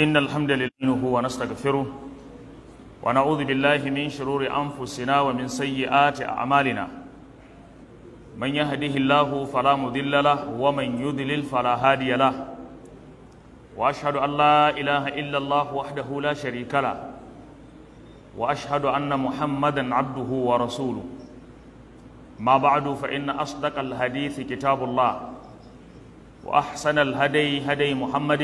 إن الحمد لله ونستغفره ونعوذ بالله من شرور أنفسنا ومن سيئات أعمالنا من يهده الله فلا مضل له ومن يضلل فلا هادي له وأشهد أن لا إله إلا الله وحده لا شريك له وأشهد أن محمدا عبده ورسوله ما بعد فإن أصدق الحديث كتاب الله وأحسن الهدي هدي محمد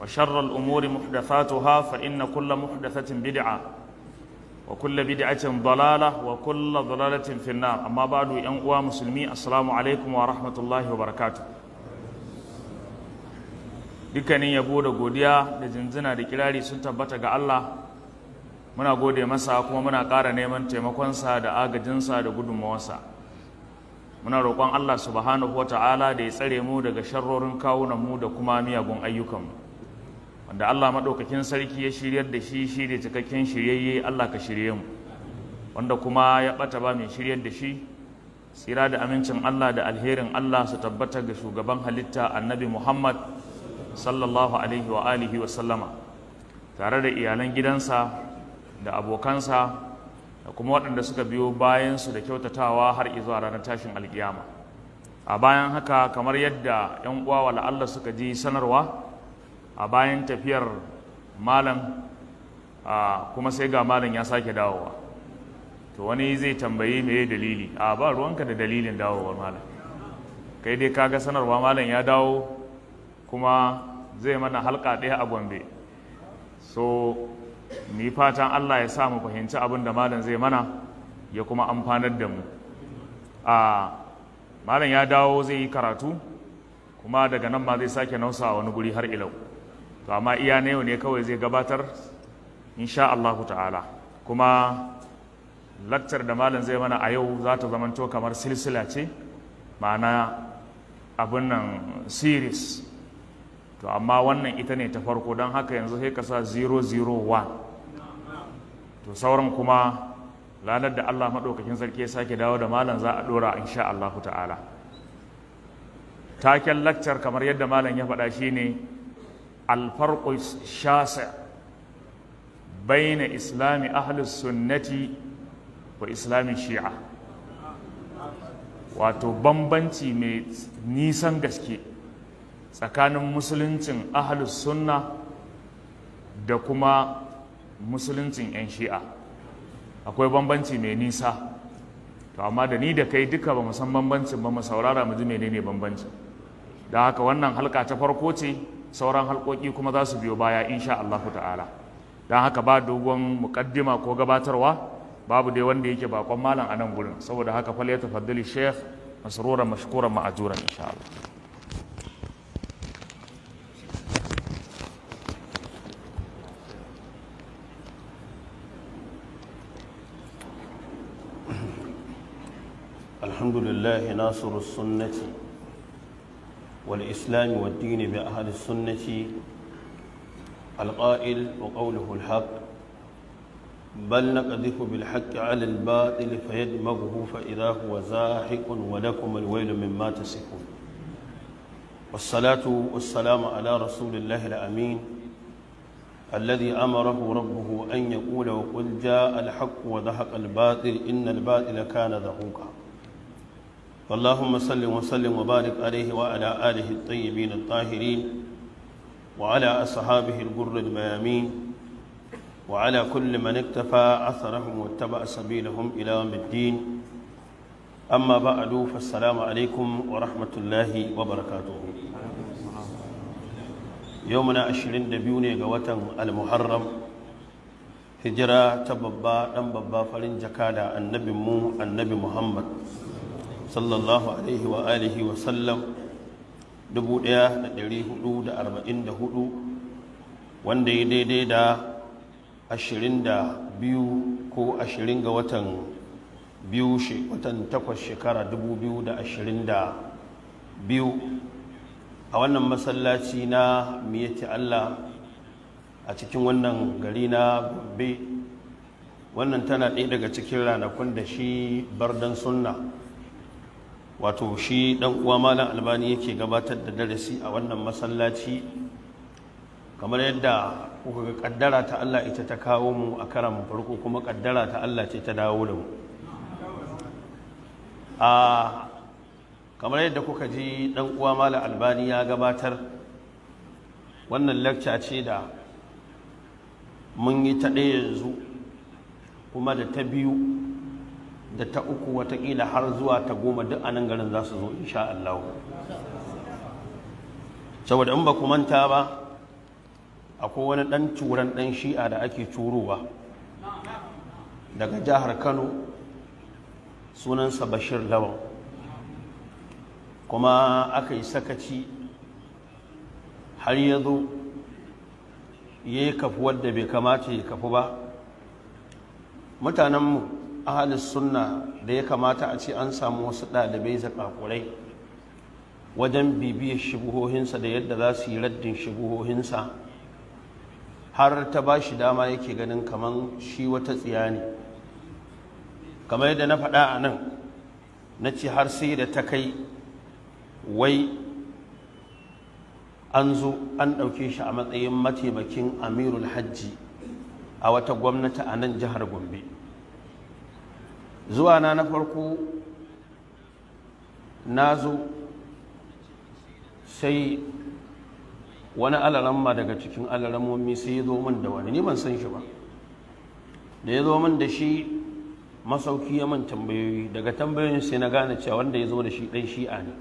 وشر الأمور محدثاتها فإن كل محدثة بدعة وكل بدعة ضلالة وكل ضلالة في النار أما بعد أنقوى مسلمي السلام عليكم ورحمة الله وبركاته dukkanin yabo da godiya da jinjina da kirari sun tabbata ga Allah muna gode masa kuma muna ƙara neman taimakonsa da agajinsa da gudunmawarsa muna roƙon Allah subhanahu wa ta'ala da ya tsare mu daga sharrorin kawunan mu da kuma miyagun ayyukanmu wanda Allah maɗaukakin sarki ya shiryar da shi shi da cikakken shiryayye Allah ka shirye mu wanda kuma ya ɓata ba mai shiryar da shi tsira da amincin Allah da alherin Allah su tabbatar ga shugaban halitta annabi Muhammad sallallahu alaihi wa alihi wa sallama tare da iyalan gidansa da abokansa da kuma waɗanda suka biyo bayansu da kyautatawa har izuwa ranar tashin alkiyama a bayan haka kamar yadda 'yan uwa wa Allah suka ji sanarwa a bayan tafiyar malam kuma sai ga malam ya sake dawowa to wani zai tambayi yi dalili a ba ruwanka da dalilin dawowar malam kai dai kaga sanarwa malam ya dawo kuma zai mana halka ɗaya a gombe so ni fatan allah ya sa mu fahimci abin da malam zai mana ya kuma amfanar da mu a malam ya dawo zai yi karatu kuma daga nan ma zai sake nausa a wani guri har ilau to amma iya na yau ne kawai zai gabatar insha Allah ta'ala kuma lakcar da malam zai mana a yau za ta zamanto kamar silsila ce ma'ana abin nan series to amma wannan ita ne ta farko don haka yanzu sai ka sa 001 to sauran kuma ranar da Allah maɗaukakin sarki ya sake dawo da malam za a ɗora insha Allah ta'ala taken lakcar kamar yadda malam ya faɗa shine ne الفرق الشاسع islami إسلام أهل السنة وإسلام الشيعة wato bambanci mai nisan gaske tsakanin musuluncin ahalus sunna da kuma musuluncin 'yan shi'a akwai bambanci mai nisa to amma da ni da kai duka ba san bambancin ba mu saurara mu ji menene bambancin don haka wannan halka ta farko ce sauran halkoki kuma za su biyo baya insha Allah ta'ala don haka ba dogon mukaddima ko gabatarwa babu dai wanda yake bakon malam a nan gurin saboda haka fal ya tafaddali sheikh masruran mashkuran ma'ajuran insha Allah الحمد لله ناصر السنه والإسلام والدين بأهل السنة القائل وقوله الحق بل نقذف بالحق على الباطل فيدمغه فإذا هو زاحق ولكم الويل مما تسكون والصلاة والسلام على رسول الله الأمين الذي أمره ربه أن يقول وقل جاء الحق وذهق الباطل إن الباطل كان ذهوقا اللهم صل وسلم وبارك عليه وعلى آله الطيبين الطاهرين وعلى أصحابه الغر الميامين وعلى كل من اكتفى أثرهم واتبع سبيلهم إلى يوم الدين أما بعد فالسلام عليكم ورحمة الله وبركاته يومنا عشرين دبيوني قوة المحرم هجرة تببا نببا فلن جكادا النبي مو النبي محمد sallallahu alaihi wa alihi wa sallam 1444 wanda ya daidai da 22 ko 20 ga watan biyu watan takwas shekara 2022 a wannan masallaci na miyati Allah a cikin wannan gari na gobe wannan tana ɗaya daga cikin ranakun da shi bardan sunna wato shi dan uwa malam albani yake gabatar da darasi a wannan masallaci kamar yadda kuka ga kaddara ta Allah ita ta kawo mu a karan farko kuma kaddara ta Allah ce ta dawo da mu a kamar yadda kuka ji dan uwa malam albani ya gabatar wannan lecture ce da mun yi ta ɗaya yanzu kuma da ta biyu da ta uku watakila har zuwa ta goma duk anan garin za su zo insha Allah saboda in ba ku manta ba akwai wani ɗan turan ɗan shi'a da ake turowa daga jihar Kano sunansa Bashir Lawan kuma aka yi sakaci har ya zo ya yi kafu wadda bai kamata ya kafu ba Mutanen mu. ahalis sunna da ya kamata a ce an samu wasu ɗalibai zakakurai wajen bibiyar shibuhohinsa da yadda za su yi raddin shibuhohinsa har ta ba shi dama yake ganin kamar shi wata tsiya ne kamar yadda na faɗa a nan na ce har sai da ta kai wai an zo an ɗauke shi a matsayin mataimakin amirul hajji a wata gwamnati a nan jihar gombe zuwa na na farko na zo sai wani alaramma daga cikin alaramomi sai ya zo min da wani ni ban san shi ba da ya zo min da shi masauki ya man tambayoyi daga tambayoyin sai na gane cewa wanda ya zo da shi ɗan shi'a ne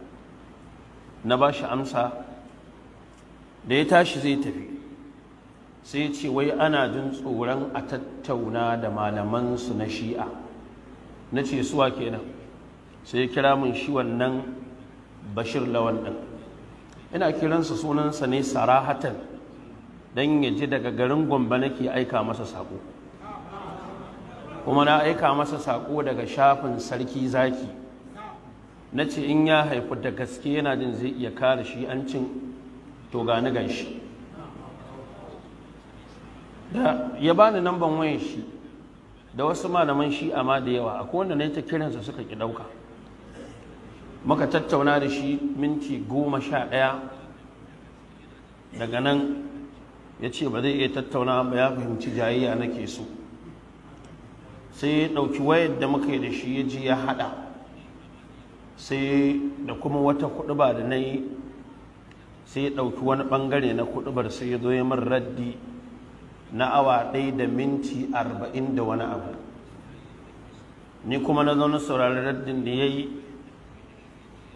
na ba shi amsa da ya tashi zai tafi sai ce wai ana jin tsoron a tattauna da malamansu na shi'a na ce suwa kenan sai ya kira min shi wannan bashir lawan ɗin ina kiransa sunansa ne sarahatan don ya ji daga garin gombe nake aika masa saƙo kuma na aika masa saƙo daga shafin sarki zaki na ce in ya haifu da gaske yana jin zai iya kare shi an cin to gani gan shi da ya bani namban wayan shi da wasu malaman Shi'a ma da yawa akwai wanda ne ta kiransa suka ki ɗauka muka tattauna da shi minti goma sha ɗaya daga nan ya ce ba zai iya tattauna ba ya fahimci jayayya nake so sai ya ɗauki wayar da muka yi da shi ya ji ya haɗa sai da kuma wata kuɗuba da na yi sai ya ɗauki wani ɓangare na kuɗubar sai ya zo ya min raddi na awa ɗaya da minti arba'in da wani abu ni kuma na zaune saurari raddin da ya yi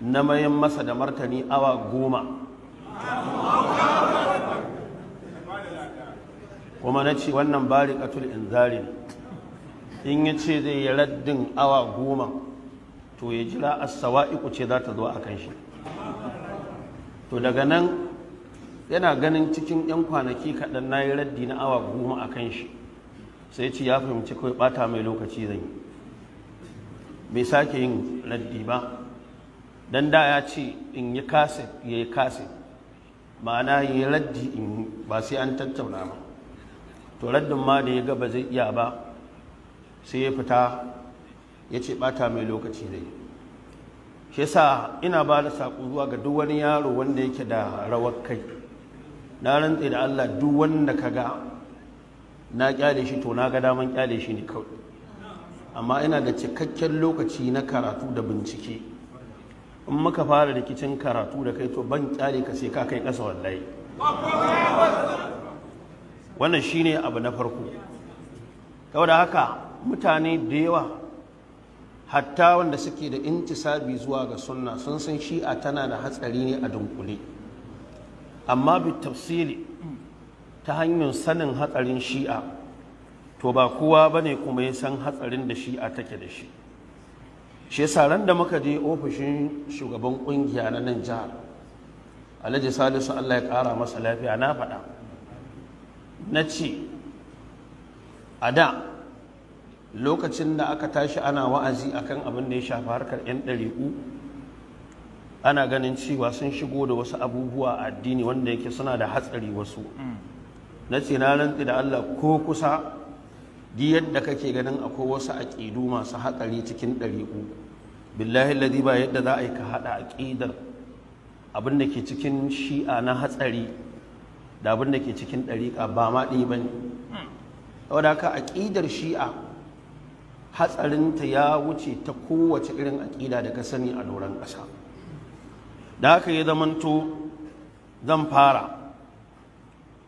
na mayan masa da martani awa goma kuma na ce wannan bari katul inzari in ya ce zai yi raddin awa goma to ya jira sawa'iku ce za ta zo a kan shi to daga nan yana ganin cikin 'yan kwanaki kaɗan na yi raddi na awa goma a kan shi sai ce ya fahimci kawai ɓata mai lokaci zan yi bai sake yin raddi ba don da ya ce in yi kaset ya yi kaset ma'ana ya yi raddi in ba sai an tattauna ba to raddin ma da ya ga ba zai iya ba sai ya fita ya ce ɓata mai lokaci zai yi shi sa ina ba da saƙo zuwa ga duk wani yaro wanda yake da rawar kai na rantse da Allah duk wanda ka ga na kyale shi to na ga daman kyale shi ne kawai amma ina da cikakken lokaci na karatu da bincike in muka fara rikicin karatu da kai to ban kyale ka sai ka kai ƙasa wallahi wannan shine abu na farko saboda haka mutane da yawa hatta wanda suke da intisabi zuwa ga sunna sun san shi'a tana da hatsari ne a dunkule amma bi ta hanyar sanin hatsarin shi'a to ba kowa ba ne kuma ya san hatsarin da shi'a take da shi shi yasa da muka je ofishin shugaban kungiya na nan jihar alhaji salisu allah ya kara masa lafiya na faɗa na ce a da lokacin da aka tashi ana wa'azi akan abin da ya shafi harkar 'yan ɗari'u ana ganin cewa sun shigo da wasu abubuwa a addini wanda yake suna da hatsari wasu na ce na rantsi da Allah ko kusa di yadda kake ganin akwai wasu aƙidu masu hatsari cikin ɗari'u billahi ladi ba yadda za a yi ka haɗa aƙidar abin da ke cikin shi'a na hatsari da abin da ke cikin ɗariƙa ba ma ɗi ba ne wadda aƙidar shi'a hatsarinta ya wuce ta kowace irin aƙida da ka sani a doron ƙasa da haka ya zamanto zan fara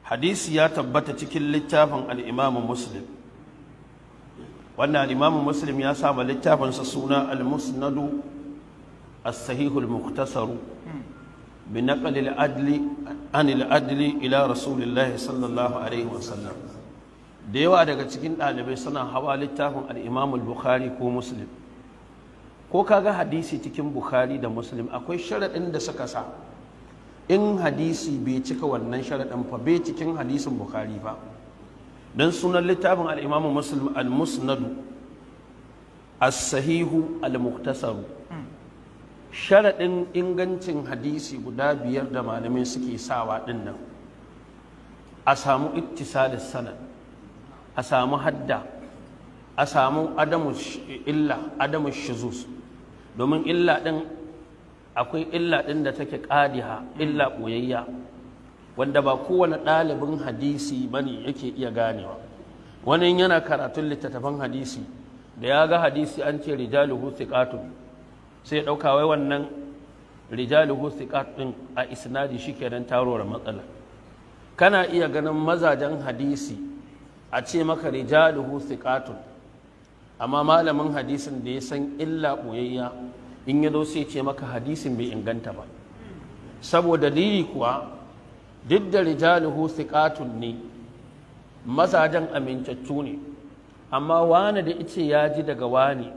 hadisi ya tabbata cikin littafin al'imamu muslim wannan al'imamu muslim ya sama littafinsa suna al-musnadu as-sahihul muktasaru bi adli adli ila rasulillah sallallahu alaihi wasallam da yawa daga cikin ɗalibai suna hawa littafin al-imamu bukhari ko muslim ko kaga hadisi cikin bukhari da muslim akwai sharaɗin da suka sa in hadisi bai cika wannan sharaɗin fa bai cikin hadisin bukhari ba don sunan littafin al'imamu muslim al-musnadu as-sahihu al-muktasaru sharaɗin ingancin hadisi guda biyar da malamai suke sawa ɗin nan a samu ittisalis sanad a samu hadda a samu adamu illa adamu shizus domin illa ɗin akwai illa ɗin da take ƙadiha illa ɓoyayya wanda ba kowane ɗalibin hadisi ba ne yake iya ganewa wani yana karatun littattafan hadisi da ya ga hadisi an ce rijaluhu thiqatun sai ɗauka wai wannan rijaluhu thiqatun a isnadi shikenan tarowar matsala kana iya ganin mazajen hadisi a ce maka rijaluhu thiqatun amma malamin hadisin da ya san illa ɓoyayya in ya zo sai ce maka hadisin bai inganta ba saboda liyi kuwa duk da rijaluhu ne mazajen amintattu ne amma wani da ice ya ji daga wani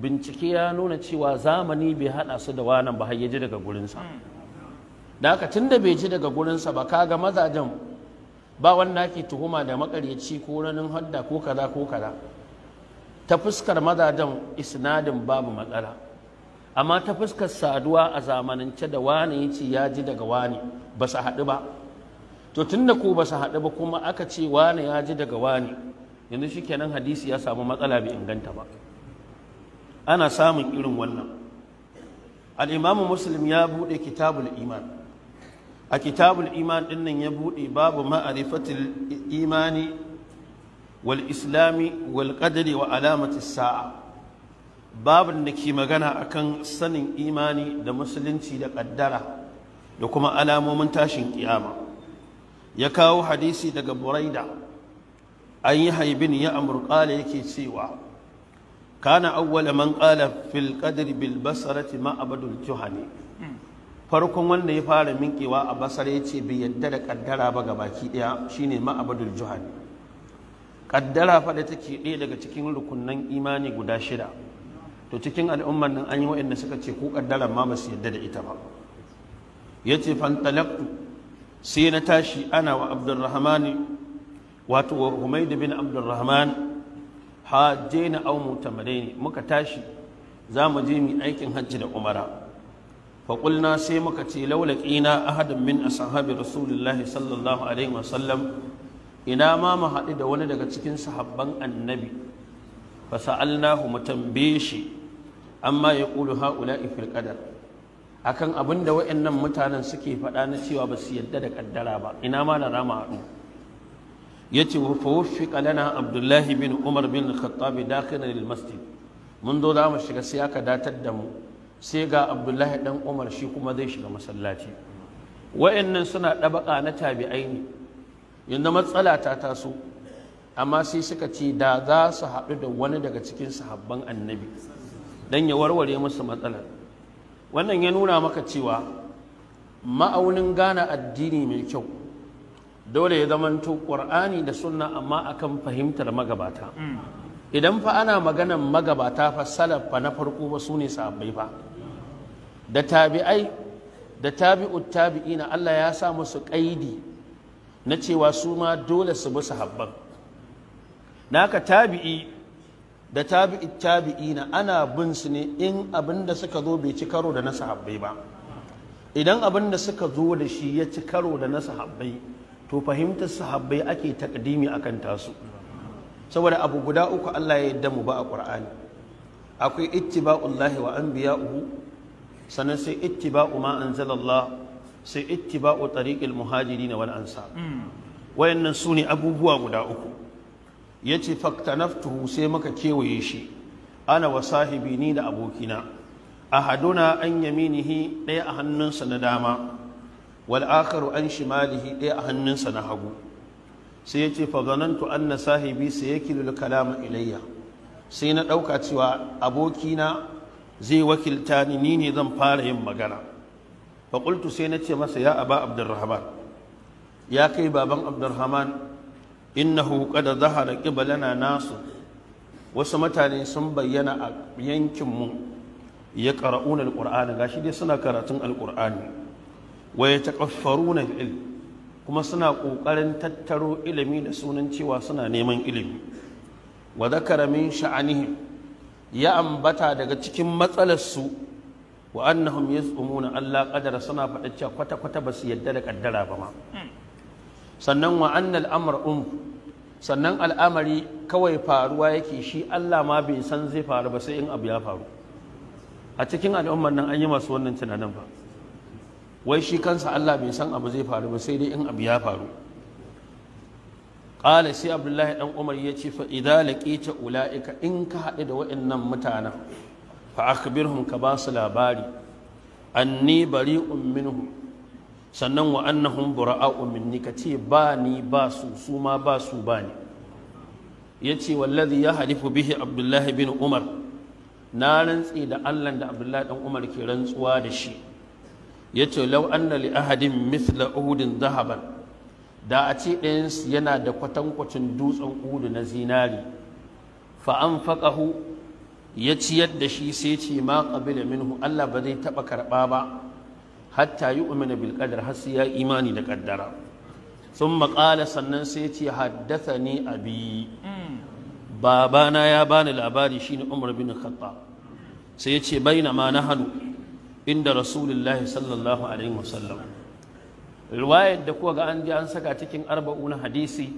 bincike ya nuna cewa zamani bai haɗa su da wanan ba har ya ji daga gurinsa da haka tun da bai ji daga gurinsa ba kaga mazajen ba wanda ake tuhuma da makaryaci ko ranin hadda ko kaza ko kaza ta fuskar mazajen isnadin babu matsala amma ta fuskar saduwa a zamanance da wani ya ya ji daga wani ba su haɗu ba to tun da ko ba su haɗu ba kuma aka ce wani ya ji daga wani yanzu shi kenan hadisi ya samu matsala bai inganta ba ana samun irin wannan al'imamu muslim ya buɗe kitabul iman a kitabul iman ɗinnan ya buɗe babu ma'arifatul imani والإسلام والقدر وعلامة الساعة باب دكي مغانا أكن سنن إيماني دا مسلنتي دا قدرة da kuma alamomin tashin ƙiyama. ya kawo hadisi daga buraida an yi haibin ya amurkala yake cewa kana awwala man qala fil qadri bil basarati ma abadul farkon wanda ya fara minkewa a basar yace bai yarda da ƙaddara ba ga baki ɗaya shine ma kaddara fa da take ɗaya daga cikin rukunnan imani guda shida to cikin al'ummar nan an yi waɗanda suka ce ko kaddara ma ba su yadda da ita ba yace fantalaktu sai na tashi ana wa abdurrahman wato wa humayd bin abdurrahman hajjina aw ne, muka tashi za mu je mu aikin hajji da umara فقلنا سيمك تي لو لقينا أحد من أصحاب رسول الله sallallahu alaihi عليه ina ma mu haɗu da wani daga cikin sahabban annabi fa sa'alnahu mu tambaye shi amma ya qulu haula'i fil qadar akan abin da waɗannan mutanen suke faɗa na cewa ba su yadda da kaddara ba ina ma na rama haɗu yace wa fawfiqa lana abdullahi bin umar bin khattab dakhilan lil masjid mun zo za mu shiga sai aka datar da mu sai ga abdullahi dan umar shi kuma zai shiga masallaci wa'annan suna ɗabaƙa na tabi'ai ne yanzu matsala ta taso amma sai suka ce da za su haɗu da wani daga cikin sahabban annabi don ya warware musu matsalar wannan ya nuna maka cewa ma'aunin gane addini mai kyau dole ya zamanto ƙwar'ani da sunna amma akan fahimtar magabata idan fa ana maganan magabata fa salaf fa na farko ba su ne sahabbai fa da tabi'ai da tabi'ut tabi'ina Allah ya sa musu ƙaidi na cewa su ma dole su bi sahabban naka tabi'i da tabi'i tabi'i na ana bin su ne in abin da suka zo bai ci karo da na sahabbai ba idan abin da suka zo da shi ya ci karo da na sahabbai to fahimtar sahabbai ake takdimi akan tasu saboda abu guda uku Allah ya yadda mu ba a Qur'ani akwai ittiba'ullahi wa anbiya'uhu sannan sai ittiba'u ma anzalallah sai ittiba'u tariqil muhajirin wal ansar hmm. wayannan sune abubuwa guda uku yace faktanaftuhu sai muka kewaye shi ana wa sahibi ni da abokina ahaduna an yaminihi ɗaya a hannunsa na dama wal akharu an shimalihi ɗaya a hannunsa na hagu sai yace fa zanantu anna sahibi sayakilu kalama ilayya sai na ɗauka cewa abokina zai wakilta ni ni ne zan fara yin magana faƙultu sai na ce masa ya aba abdurrahman ya kai baban abdurrahman innahu qad zahara na nasu wasu mutane sun bayyana a yankinmu ya qara'una alqur'ana gashi dai suna karatun alqur'ani wa yataqaffaruna bil kuma suna ƙoƙarin tattaro ilimi da sunan cewa suna neman ilimi wa dhakara min sha'anihim ya ambata daga cikin matsalarsu wa annahum yasumuna Allah qadara suna faɗa cewa kwata kwata basu yadda da kaddara ba ma hmm. sannan wa annal amr um sannan al'amari kawai faruwa yake shi Allah ma bai san zai faru ba sai in abu ya faru a cikin al'ummar nan an yi masu wannan tunanin ba wai shi kansa Allah bai san abu zai faru ba sai dai in abu ya faru qala sai Abdullahi dan Umar yace fa idza laqita ulaika in ka haɗu da waɗannan mutanen fa akhbirhum ka basu su labari anni bari'un minhum sannan wa annahum bura'a'u minni ka ce ba ni ba su su ma ba su ba ni yace wallazi ya halifu bihi abdullahi bin umar na rantsi da Allah da abdullahi dan umar ke rantsuwa da shi yace law anna li ahadin mithla uhudin zahaban da a ce ɗayansu yana da kwatankwacin dutsen udu na zinari fa'an faƙahu ya ciyar da shi sai ce ma qabila minhu Allah ba zai taɓa karɓa ba hatta yu'mina bil qadar har sai ya imani da kaddara Sun maƙala sannan sai ce ni abi babana ya bani labari ne Umar bin Khattab sai ce baina ma hannu. inda rasulullahi sallallahu alaihi wasallam riwayar da kuwa ga an ji an saka cikin arba'una hadisi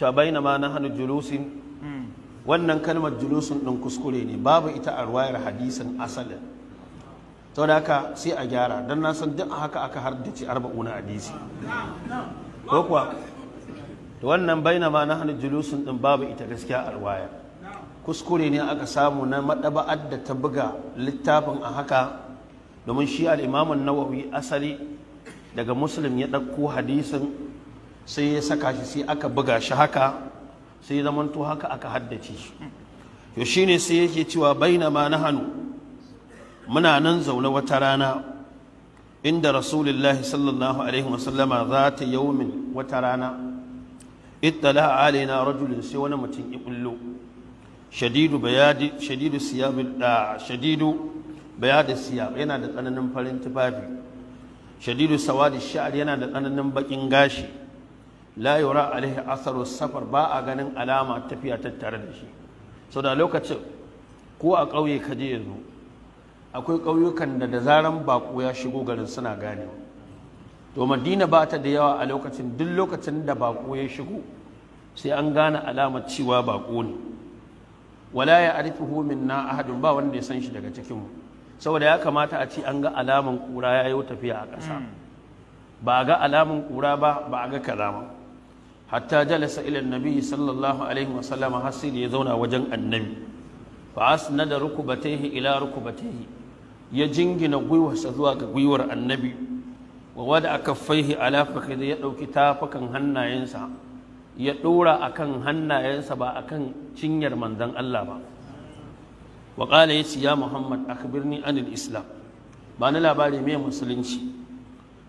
ta baina ma hannu julusin hmm. wannan kalmar julusun ɗin kuskure ne babu ita a ruwayar hadisin asalin to da haka sai a gyara don na san a haka aka hardace na hadisi ko kuwa da wannan baina ma na hannun julusun ɗin babu ita gaskiya a ruwaya kuskure ne aka samu na maɗaba'ar da ta buga littafin a haka domin shi al'imamun nawawi asali daga muslim ya ɗauko hadisin sai ya saka shi sai aka buga shi haka sai zaman haka aka haddace shi to shine sai yake cewa bainama nahanu muna nan zaune wata rana inda rasulullahi sallallahu alaihi wasallama za ta yaumin wata rana ittala alaina rajulun sai wani mutum ibullo shadidu bayadi shadidu siyab da shadidu bayadi siyab yana da tsananin farin tufafi shadidu sawadi sha'ar yana da tsananin bakin gashi la yura alaihi asaru safar ba a ganin alama tafiya tare da shi sau da lokacin ko a ƙauye ka je yanzu akwai ƙauyukan da da zaran baƙo ya shigo garin suna gane to madina ba ta da yawa a lokacin duk lokacin da baƙo ya shigo sai an gane alamar cewa baƙo ne wala ya arifuhu na Ahadin ba wanda ya san shi daga cikinmu saboda ya kamata a ce an ga alaman ƙura ya yi tafiya a ƙasa hmm. ba a ga alaman ƙura ba ba a ga kaza hatta jalasa ila annabi sallallahu alaihi wa sallama har ya zauna wajen annabi fa asnada rukubatayhi ila rukubatayhi ya jingina gwiwarsa zuwa ga gwiwar annabi wa wada aka faihi alafaka ya ɗauki tafakan hannayensa ya ɗora a kan hannayensa ba a kan cinyar manzan Allah ba wa ƙala ya ce ya muhammad akbirni anil islam Bani labari mai musulunci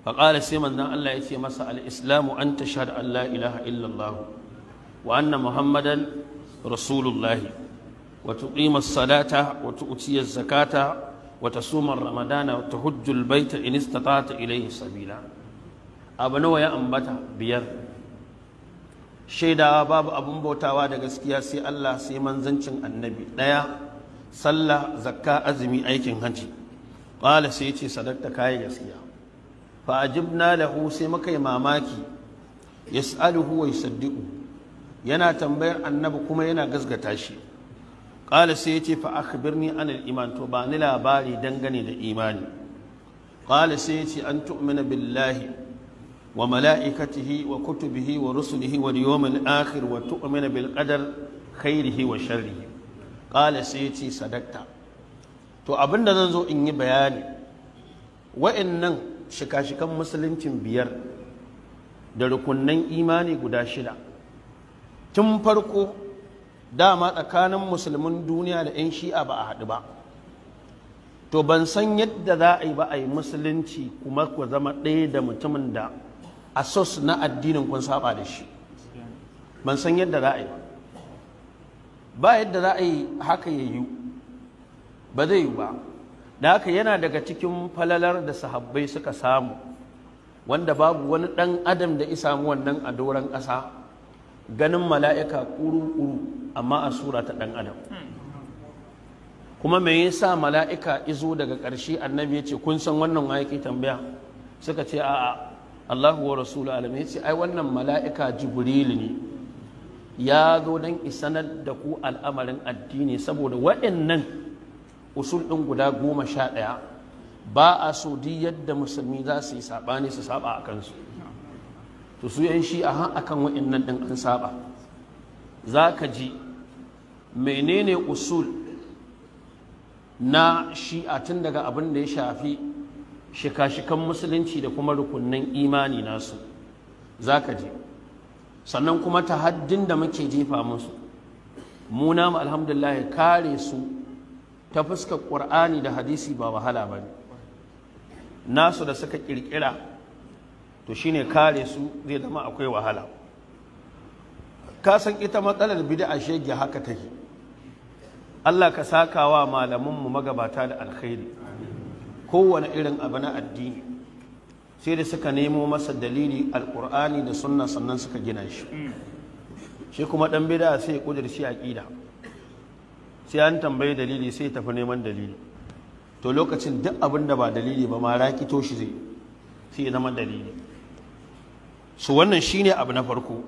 faƙala sai manzon Allah ya ce masa Al'islamu islamu an tashhadu an la ilaha illallah wa muhammadan rasulullahi wa tuqima as-salata wa zakata wata tasuma ramadana wa tahujju al-baita in istata'ta ilayhi sabila abu nawa ya ambata biyar shaidawa babu abun bautawa da gaskiya sai Allah sai manzancin annabi ɗaya sallah zakka azumi aikin hajji qala sai ya ce sadaqta kai gaskiya fa ajibna lahu sai muka mamaki yas'aluhu wa yusaddiqu yana tambayar annabi kuma yana gasgata shi qala sai yace fa akhbirni birni iman to ba ni labari dangane da imani qala sai yace an tu'mina billahi wa mala'ikatihi wa kutubihi wa rusulihi wa yawmil akhir wa tu'mina bil qadar khairihi wa sharrihi qala sai yace sadaqta to abinda zan zo in yi bayani wa'annan shika-shikan musuluncin biyar da rukunan imani guda shida tun farko dama tsakanin musulmin duniya da 'yan shi'a ba a haɗu ba to ban san yadda za a yi ba a yi musulunci kuma ku zama ɗaya da mutumin da asos na addinin kun saba da shi ban san yadda za a yi ba yadda za a yi haka ya ba zai yi ba da haka yana daga cikin falalar da sahabbai suka samu wanda babu wani ɗan adam da mu wannan a doron ƙasa ganin mala'ika ƙuru-ƙuru amma a sura ta ɗan adam kuma me yasa mala'ika izo daga ƙarshe annabi ya ce kun san wannan wa ke tambaya suka ce a'a Allahu wa rasulu alamin ya ce ai wannan mala'ika jibril ne ya zo don isanar da ku al'amarin addini saboda waɗannan usul ɗin guda goma sha ɗaya ba a so di yadda musulmi za su yi saɓani su saɓa a kansu to su yan shi a akan wa'innan ɗin an saɓa za ka ji menene usul na shi'a tun daga abin da ya shafi shika-shikan musulunci da kuma rukunnan imani nasu za ka ji sannan kuma ta haddin da muke jefa musu mu namu alhamdulillah kare su ta fuskar ƙur'ani da hadisi ba wahala ba ne nasu da suka ƙirƙira to shine kare su zai zama akwai wahala ka san ita matsalar bid'a shege haka ta take Allah ka wa malamanmu magabata da alkhairi kowane irin abu na addini sai da suka nemo masa dalili alƙur'ani da sunna sannan suka gina shi shi kuma ɗan bida sai ya a aƙida sai an tambayi dalili sai tafi neman dalili to lokacin duk abin da ba dalili ba ma rakito shi zai sai zama dalili su wannan shine abu na farko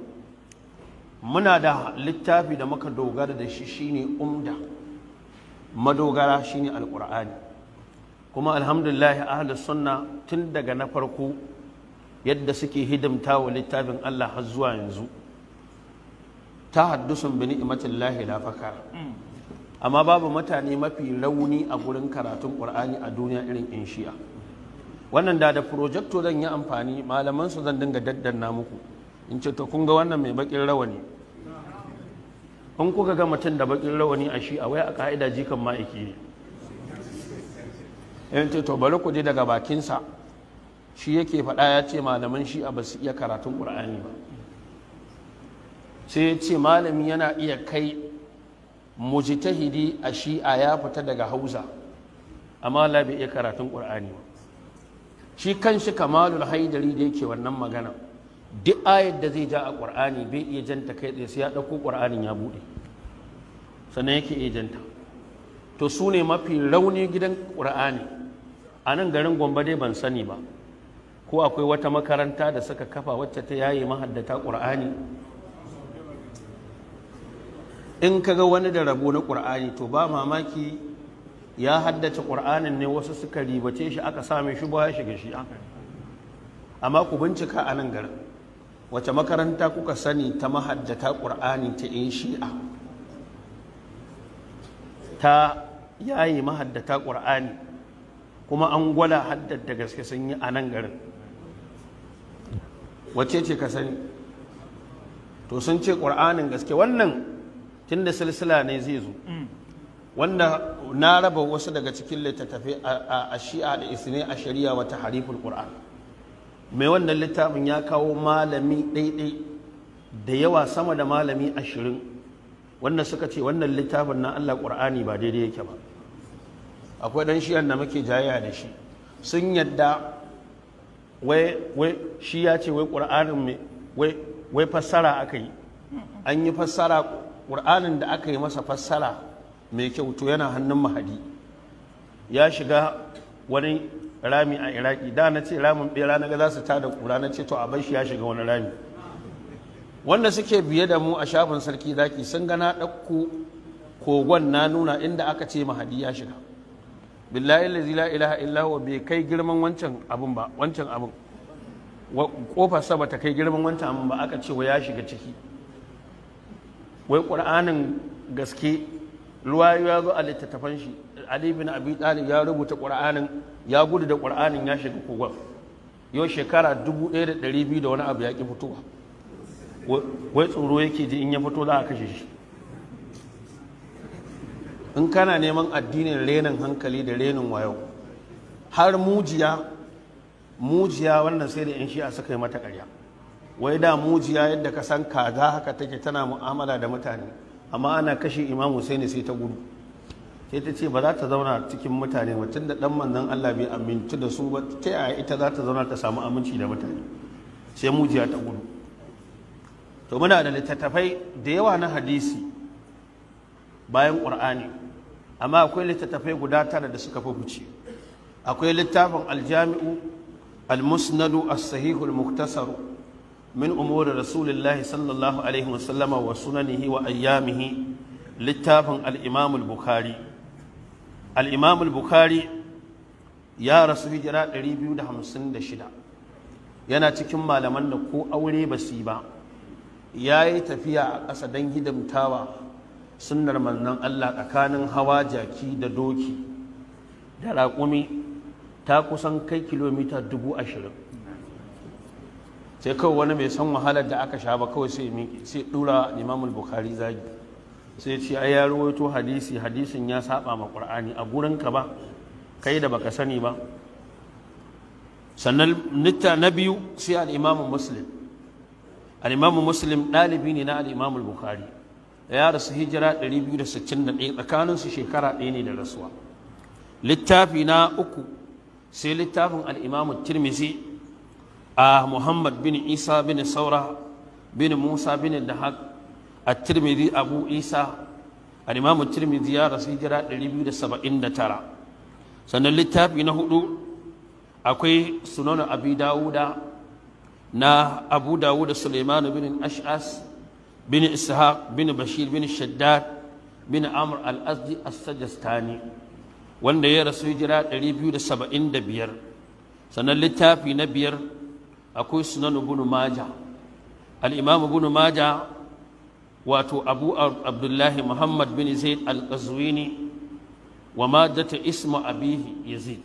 muna da littafi da muka dogara da shi shine umda madogara shine alqur'ani kuma alhamdulillah ahlus sunna tun daga na farko yadda suke hidimta wa littafin Allah har zuwa yanzu ta haddusun bi ni'matillahi la fakara mm. amma babu mutane mafi rauni a gurin karatun ƙur'ani a duniya irin in shi'a wannan da da projecto zan yi amfani malaman su zan dinga na muku in ce to kun ga wannan mai bakin rawani in kuka ga mutum da bakin rawani a shi'a wai a ka'ida jikan ma'aiki ne in ce to bari ku je daga bakinsa shi yake faɗa ya ce malaman shi'a ba su iya karatun ƙur'ani ba sai ya ce malami yana iya kai mujtahidi a shi'a ya fita daga hausa amma la iya karatun ƙur'ani ba shi kanshi kamalul haidari da yake wannan magana duk ayar da zai ja a ƙur'ani bai iya janta kai tsaye sai ya ɗauko ƙur'anin ya buɗe sannan yake iya janta to su ne mafi rauni gidan ƙur'ani. a nan garin gombe dai ban sani ba ko akwai wata makaranta da suka kafa wacce ta yaye mahaddata ƙur'ani? in ka ga wani da rabo na ƙur'ani to ba mamaki ya haddace ƙur'anin ne wasu suka ribace shi aka same shi ba ya shiga shi amma ku bincika a nan garin wace makaranta kuka sani ta mahaddata ƙur'ani ta in shi'a ta yayi mahaddata ƙur'ani kuma an gwada haddada gaske sun yi a nan garin wace ce ka sani to sun ce ƙur'anin gaske wannan da silsila ne zai zo wanda na raba wasu daga cikin littattafai a shi'a da isne a shari'a wata harifin ƙura'an mai wannan littafin ya kawo malami ɗaiɗai da yawa sama da malami ashirin wanda suka ce wannan littafin na Allah ƙur'ani ba daidai yake ba akwai ɗan shi'an da muke jayaya da shi sun yadda wai shi ya ce wai mai wai fassara aka yi an yi fassara ƙur'anin da aka yi masa fassara mai kyau to yana hannun mahadi ya shiga wani rami a iraki da na ce ramin bera na ga za su da ƙura na ce to a shi ya shiga wani rami wanda suke biye da mu a shafin sarki zaki sun gana ɗauko kogon na nuna inda aka ce mahadi ya shiga billahi la ilaha illa bai kai girman wancan abin ba wancan abin kofar sa bata kai girman wancan abin ba aka ce wa ya shiga ciki wai ƙur'anin gaske ruwa ya zo a littattafan shi ali abi ɗalib ya rubuta ƙur'anin ya gudu da ƙur'anin ya shiga kogon yau shekara dubu ɗaya da wani abu ya ƙi fitowa wai tsoro yake ji in ya fito za a kashe shi in kana neman addinin renin hankali da renin wayo har mujiya mujiya wannan sai da 'yan shi'a suka yi mata ƙarya wai da mujiya yadda ka san kaza haka take tana mu'amala da mutane amma ana kashe imam ne sai ta gudu sai ta ce ba za ta zauna cikin mutane ba da dan manzan Allah bai amintu da su ba ta yaya ita za ta zauna ta samu aminci da mutane sai mujiya ta gudu to muna da littattafai da yawa na hadisi bayan Qur'ani amma akwai littattafai guda tara da suka fi fice akwai littafin aljami'u al المسند الصحيح المختصر من أمور رسول الله صلى الله عليه وسلم وسننه وأيامه لتافا الإمام البخاري الإمام البخاري يا رسول جراء ريبيو ده همسن ده شدا yana cikin malaman da ko aure ba ba ya yi tafiya a ƙasa don hidimtawa sunnar mannan Allah tsakanin hawa jaki da doki da raƙumi ta kusan kai kilomita dubu ashirin sai kawai wani mai san wahalar da aka sha ba kawai sai miƙe dura Imam Bukhari zagi sai ce ai ya ruwaito hadisi hadisin ya saba ma Qur'ani a gurin ka ba kai da baka sani ba sannan nitta na biyu sai al musulun Muslim al dalibi ne na al bukari Bukhari ya rasu hijira 261 tsakaninsu shekara ɗaya ne da rasuwa littafi na uku sai littafin al-Imam a ah, muhammad bin isa bin saura bin musa bin dahak a tirmidhi abu isa al tirmidhi ya rasu hijira 279 sannan littafi na hudu akwai sunan abi dawuda na abu dawuda suleiman bin ash'as bin ishaq bin bashir bin shaddad bin Amr al-Azdi as-Sajastani wanda ya rasu hijira 275 sanan littafi na biyar akwai sunan ibn maja al-imam maja wato abu abdullahi muhammad bin zaid al-qazwini wa madata ismu abihi yazid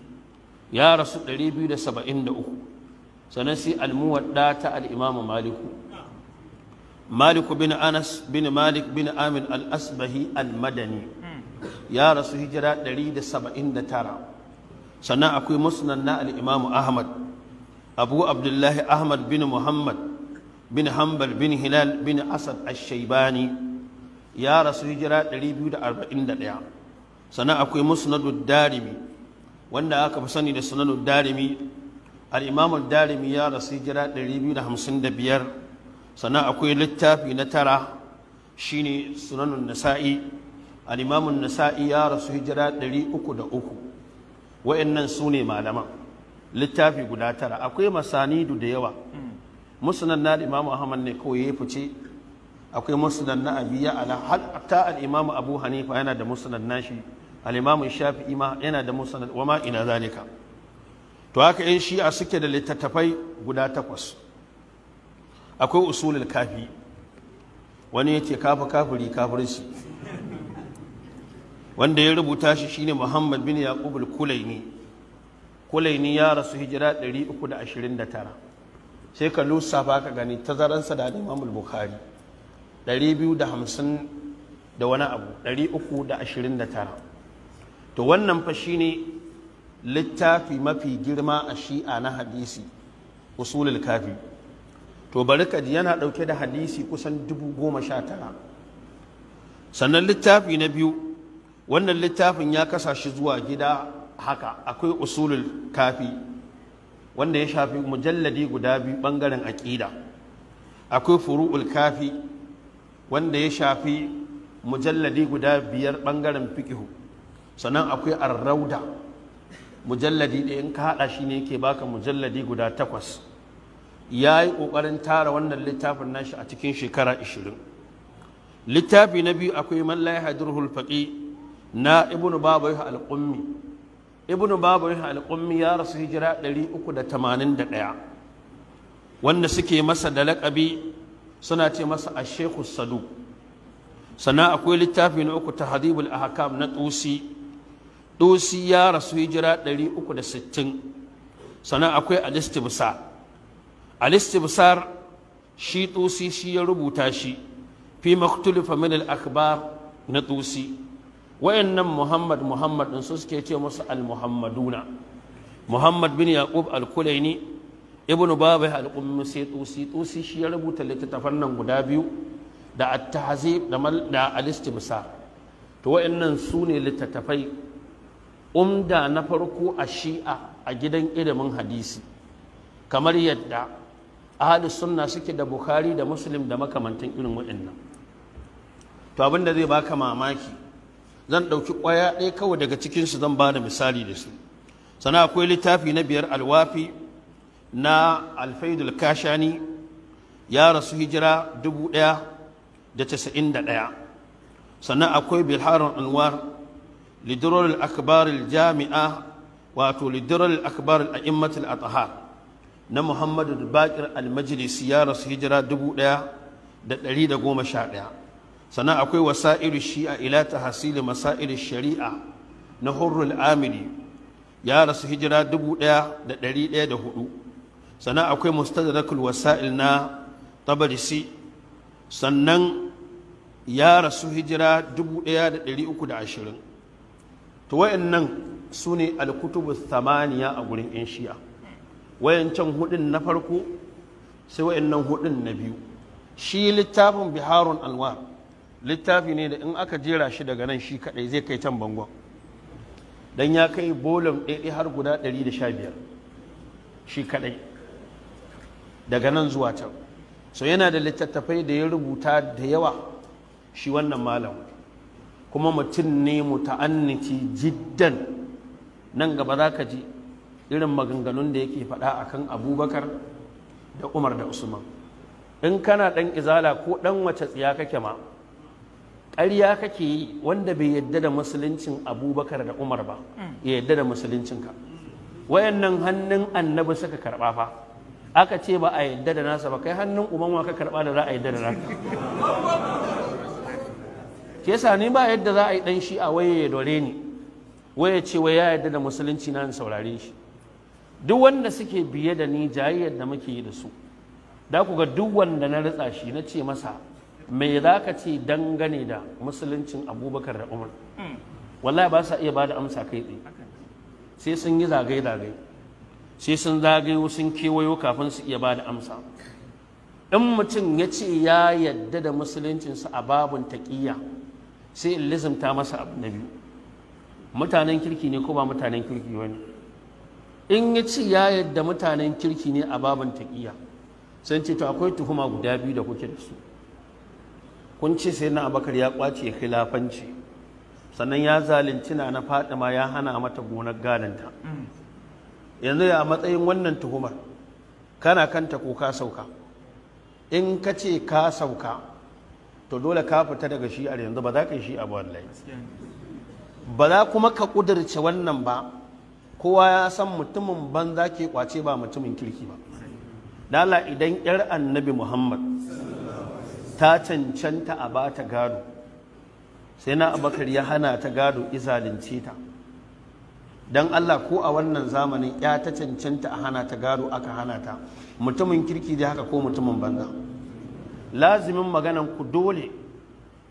ya rasu 273 sannan sai al-muwadda ta al-imam maliku maliku bin anas bin malik bin amin al-asbahi al-madani ya rasu hijira 179 sannan akwai musnad na al-imam ahmad abu abdullahi ahmad bin muhammad bin Hambal bin hilal bin asad ash-shaybani ya rasu hijira 241 sannan akwai musnadud darimi wanda aka fi sani da sunanud darimi al-imam darimi ya rasu hijira 255 sannan akwai littafi na tara shine sunanun nasa'i al-imam an-nasa'i ya rasu hijira 303 wa'annan sune malaman littafi guda tara akwai masanidu da yawa musnad na imam ahmad ne kawai ya fice akwai musnad na abiya ala hatta al imam abu hanifa yana da musnad nashi al imam shafi'i ma yana da musnad wa ma ina zalika to haka yan shi'a suke da littattafai guda takwas akwai usulul kafi wani yace kafa kafiri kafirci wanda ya rubuta shi shine muhammad bin yaqub al-kulaini kulaini ya rasu hijira 329 sai ka lissafa ka gani tazaransa da Imam Bukhari 250 da wani abu 329 to wannan fa ne littafi mafi girma a shi'a na hadisi usulul kafi to bari yana ɗauke da hadisi kusan 19 sannan littafi na biyu wannan littafin ya kasa shi zuwa gida haka akwai usulul kafi wanda ya shafi mujalladi guda biyu bangaren aƙida akwai furu'ul kafi wanda ya shafi mujalladi guda biyar bangaren fikihu sannan akwai arrauda mujalladi ɗaya in ka haɗa shi ne yake baka mujalladi guda takwas ya yi ƙoƙarin tara wannan littafin nashi a cikin shekara ashirin littafi na biyu akwai man la faƙi na ibnu Babu al-qummi ibnu babu al-qummi ya rasu hijira 381 wanda suke masa da laƙabi suna ce masa ashehu sadu sana akwai littafi na uku tahdhibul ahkam na tusi tusi ya rasu hijira 360 sannan akwai al-istibsar al-istibsar shi tusi shi ya rubuta shi fi maktulifa min al-akhbar na tusi wayannan muhammad muhammad din su suke ce musu al-muhammaduna muhammad bin yaqub al-kulaini ibnu Babai al sai tusi tusi shi ya rubuta littattafan nan guda biyu da at-tahzib da da al to wayannan su ne littattafai umda na farko a shi'a a gidan ilimin hadisi kamar yadda ahli sunna suke da bukhari da muslim da makamantan irin nan. to abin da zai baka mamaki zan ɗauki ƙwaya ɗaya kawai daga cikinsu zan ba da misali da su sana akwai littafi na biyar alwafi na alfaidul kashani ya rasu hijira dubu ɗaya da casa'in da ɗaya sannan akwai bilharun anwar lidirar akbar jami'a wato lidirar akbar a'immatul atahar na muhammadu bakir almajlisi ya rasu hijira dubu ɗaya da ɗari da goma sha ɗaya sannan akwai wasa'iru shi'a ila tahsili masail shari'a na hurrul amili ya rasu hijira 1104 sannan akwai mustadrakul wasail na tabarisi sannan ya rasu hijira 1320 to nan su ne alkutubu samaniya a gurin yan shi'a wayancan hudun na farko sai wayan nan hudun na biyu shi littafin biharun alwar littafi ne da in aka jera shi daga nan shi kadai zai kai can bangon dan ya kai bolon ɗaiɗai har guda 115 shi kadai daga nan zuwa can so yana da littattafai da ya rubuta da yawa shi wannan malam kuma mutum ne muta'anniti jiddan nan gaba za ka ji irin maganganun da yake faɗa akan abubakar da umar da usman in kana ɗan izala ko ɗan wace tsiya kake ma ƙarya kake yi wanda bai yadda da musuluncin abubakar da umar ba ya yadda da musuluncinka wayannan hannun annabi suka karɓa fa aka ce ba a yadda da nasa ba kai hannun umar ka karɓa da za a yadda da nasa ke sa ni ba yadda za a yi ɗan shi a waye ya dore ni waye ce wai ya yadda da musulunci na saurare shi duk wanda suke biye da ni jayayyar da muke yi da su da ku ga duk wanda na ritsa shi na ce masa me za ka ce dangane da musuluncin abubakar da umar hmm. wallahi ba sa iya ba da amsa kai tsaye sai sun yi zagaye-zagaye sai sun zagayo sun kewayo kafin su iya ba da amsa in mutum ya ce ya yadda da musuluncinsa a babin taƙiyya sai in lizimta masa abu na biyu mutanen kirki ne ko ba mutanen kirki wani in ya ce ya yadda mutanen kirki ne a babin taƙiyya sun ce to akwai tuhuma guda biyu da kuke da su kun ce sai na abakar ya kwace khilafanci sannan ya zalunci na na fadima ya hana mata gonar gadanta yanzu ya matsayin wannan tuhumar kana kanta ko ka sauka in ka ce ka sauka to dole ka fita daga shi'ar yanzu ba za ka yi shi abu wallahi ba za kuma ka kudurce wannan ba kowa ya san mutumin banza ke kwace ba mutumin kirki ba dala idan yar annabi muhammad ta cancanta a ba ta gado sai na abakar ya hana ta gado izalince ta don Allah ko a wannan zamanin ya ta cancanta a hana ta gado aka hana ta mutumin kirki da haka ko mutumin banza lazimin maganan ku dole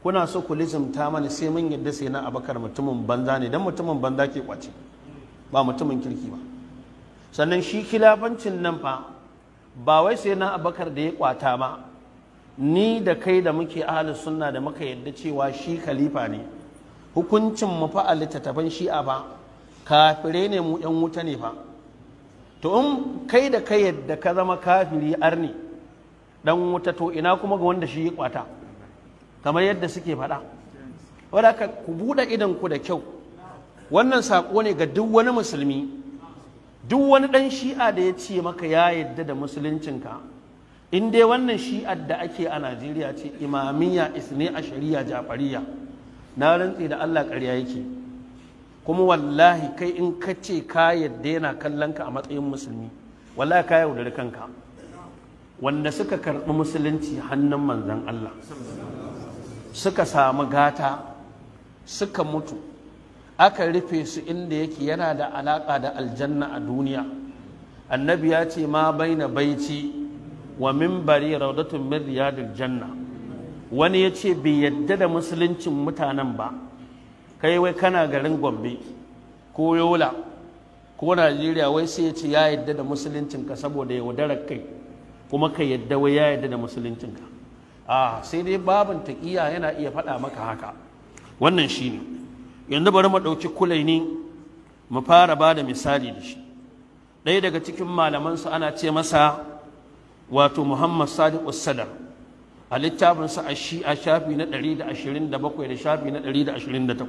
kuna so ku lizimta mana sai mun yadda sai na abakar mutumin banza ne don mutumin banza ke kwace ba mutumin kirki ba sannan shi kilafancin nan fa ba wai sai na abakar da ya kwata ba ni da kai da muke ahli sunna da muka yadda cewa shi khalifa ne hukuncin mu fa a littattafan shi'a ba kafire ne mu yan wuta ne fa to in kai da kai yadda ka zama kafiri arni dan wuta to ina kuma ga wanda shi ya kwata kamar yadda suke faɗa ka ku buɗe idan ku da kyau wannan sako ne ga duk wani musulmi duk wani ɗan shi'a da ya ce maka ya yadda da musuluncinka in dai wannan shi'ar da ake a najeriya ce imamiya, isne a shari'a jafariya na rantse da allah ƙarya yake kuma wallahi kai in ka ce ka yadda yana kallon ka a matsayin musulmi wallahi ka yaudari kanka wanda suka karɓi musulunci hannun manzan allah suka samu gata suka mutu aka rufe su inda yake yana da alaƙa da aljanna a duniya annabi ya ce ma bai na baici wa minbari raudatun min riyadil janna wani ya ce bai yadda da musuluncin mutanen ba kai wai kana garin gombe ko yola ko najeriya wai sai ya ce ya yadda da musuluncinka saboda yaudarar kai kuma ka yadda wai ya yadda da musuluncinka a sai dai babin taƙiya yana iya faɗa maka haka wannan shi ne. yanzu bari mu ɗauki kulaini mu fara ba da misali da shi ɗaya daga cikin malamansu ana ce masa wato muhammad sadiq sadar a littafinsa a shi'a shafi na 127 da shafi na 128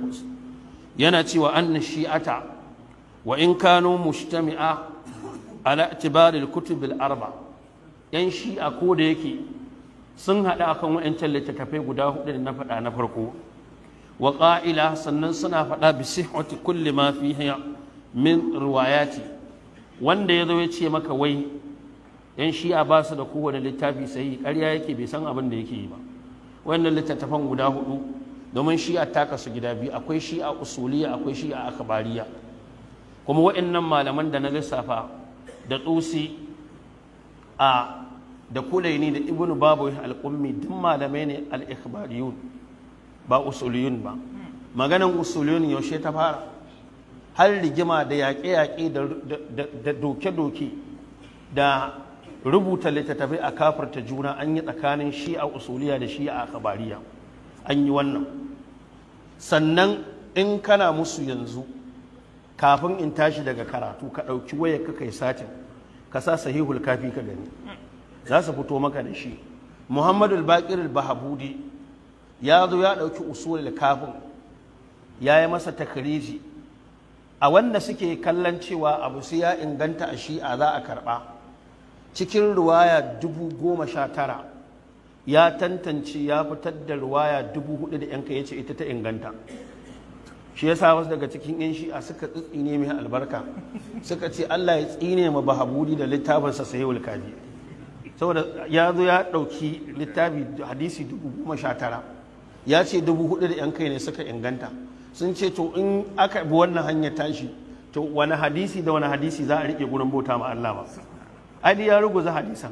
yana cewa anna shi'ata wa in kanu mujtami'a ala itibaril kutub al arba yan shi'a ko da yake sun hada akan wayancan littattafai guda hudu da na faɗa na farko wa qa'ila sannan suna faɗa bi sihhati kulli ma fiha min riwayati wanda yazo ya ce maka wai yan shi'a ba su da kowane littafi sai ƙarya yake bai san abin da yake yi ba wannan littattafan guda hudu domin shi'a taka su gida biyu akwai shi'a usuliya akwai shi'a akabariya kuma waɗannan malaman da na lissafa da tsusi a da kulaini da ibnu babu al-ummi duk malamai ne al ba usuliyun ba maganan usuliyun yaushe ta fara har rigima da yaƙe-yaƙe da doke-doke da rubuta littattafai a kafarta juna an yi tsakanin shi'a usuliya da shi'a akabariya an yi wannan sannan in kana musu yanzu kafin in tashi daga karatu ka ɗauki wayar ka kai satin ka sa sahihul kafi ka gani za su fito maka da shi muhammadu al al-bahabudi ya zo ya ɗauki usulul kafin ya yi masa takriji a wanda suke kallon cewa abu sai ya inganta a shi'a za a karɓa cikin ruwaya dubu goma sha tara ya tantance ya fitar da ruwaya dubu hudu da yanka ya ce ita ta inganta shi ya sa wasu daga cikin yan shi'a suka tsine mai albarka suka ce Allah ya tsine ma bahabudi da littafinsa sai saboda ya zo ya ɗauki littafi hadisi dubu goma sha tara ya ce dubu hudu da yan kai ne suka inganta sun ce to in aka bi wannan hanyar tashi to wani hadisi da wani hadisi za a riƙe gurin bauta ma Allah ba ali ya ruguza hadisan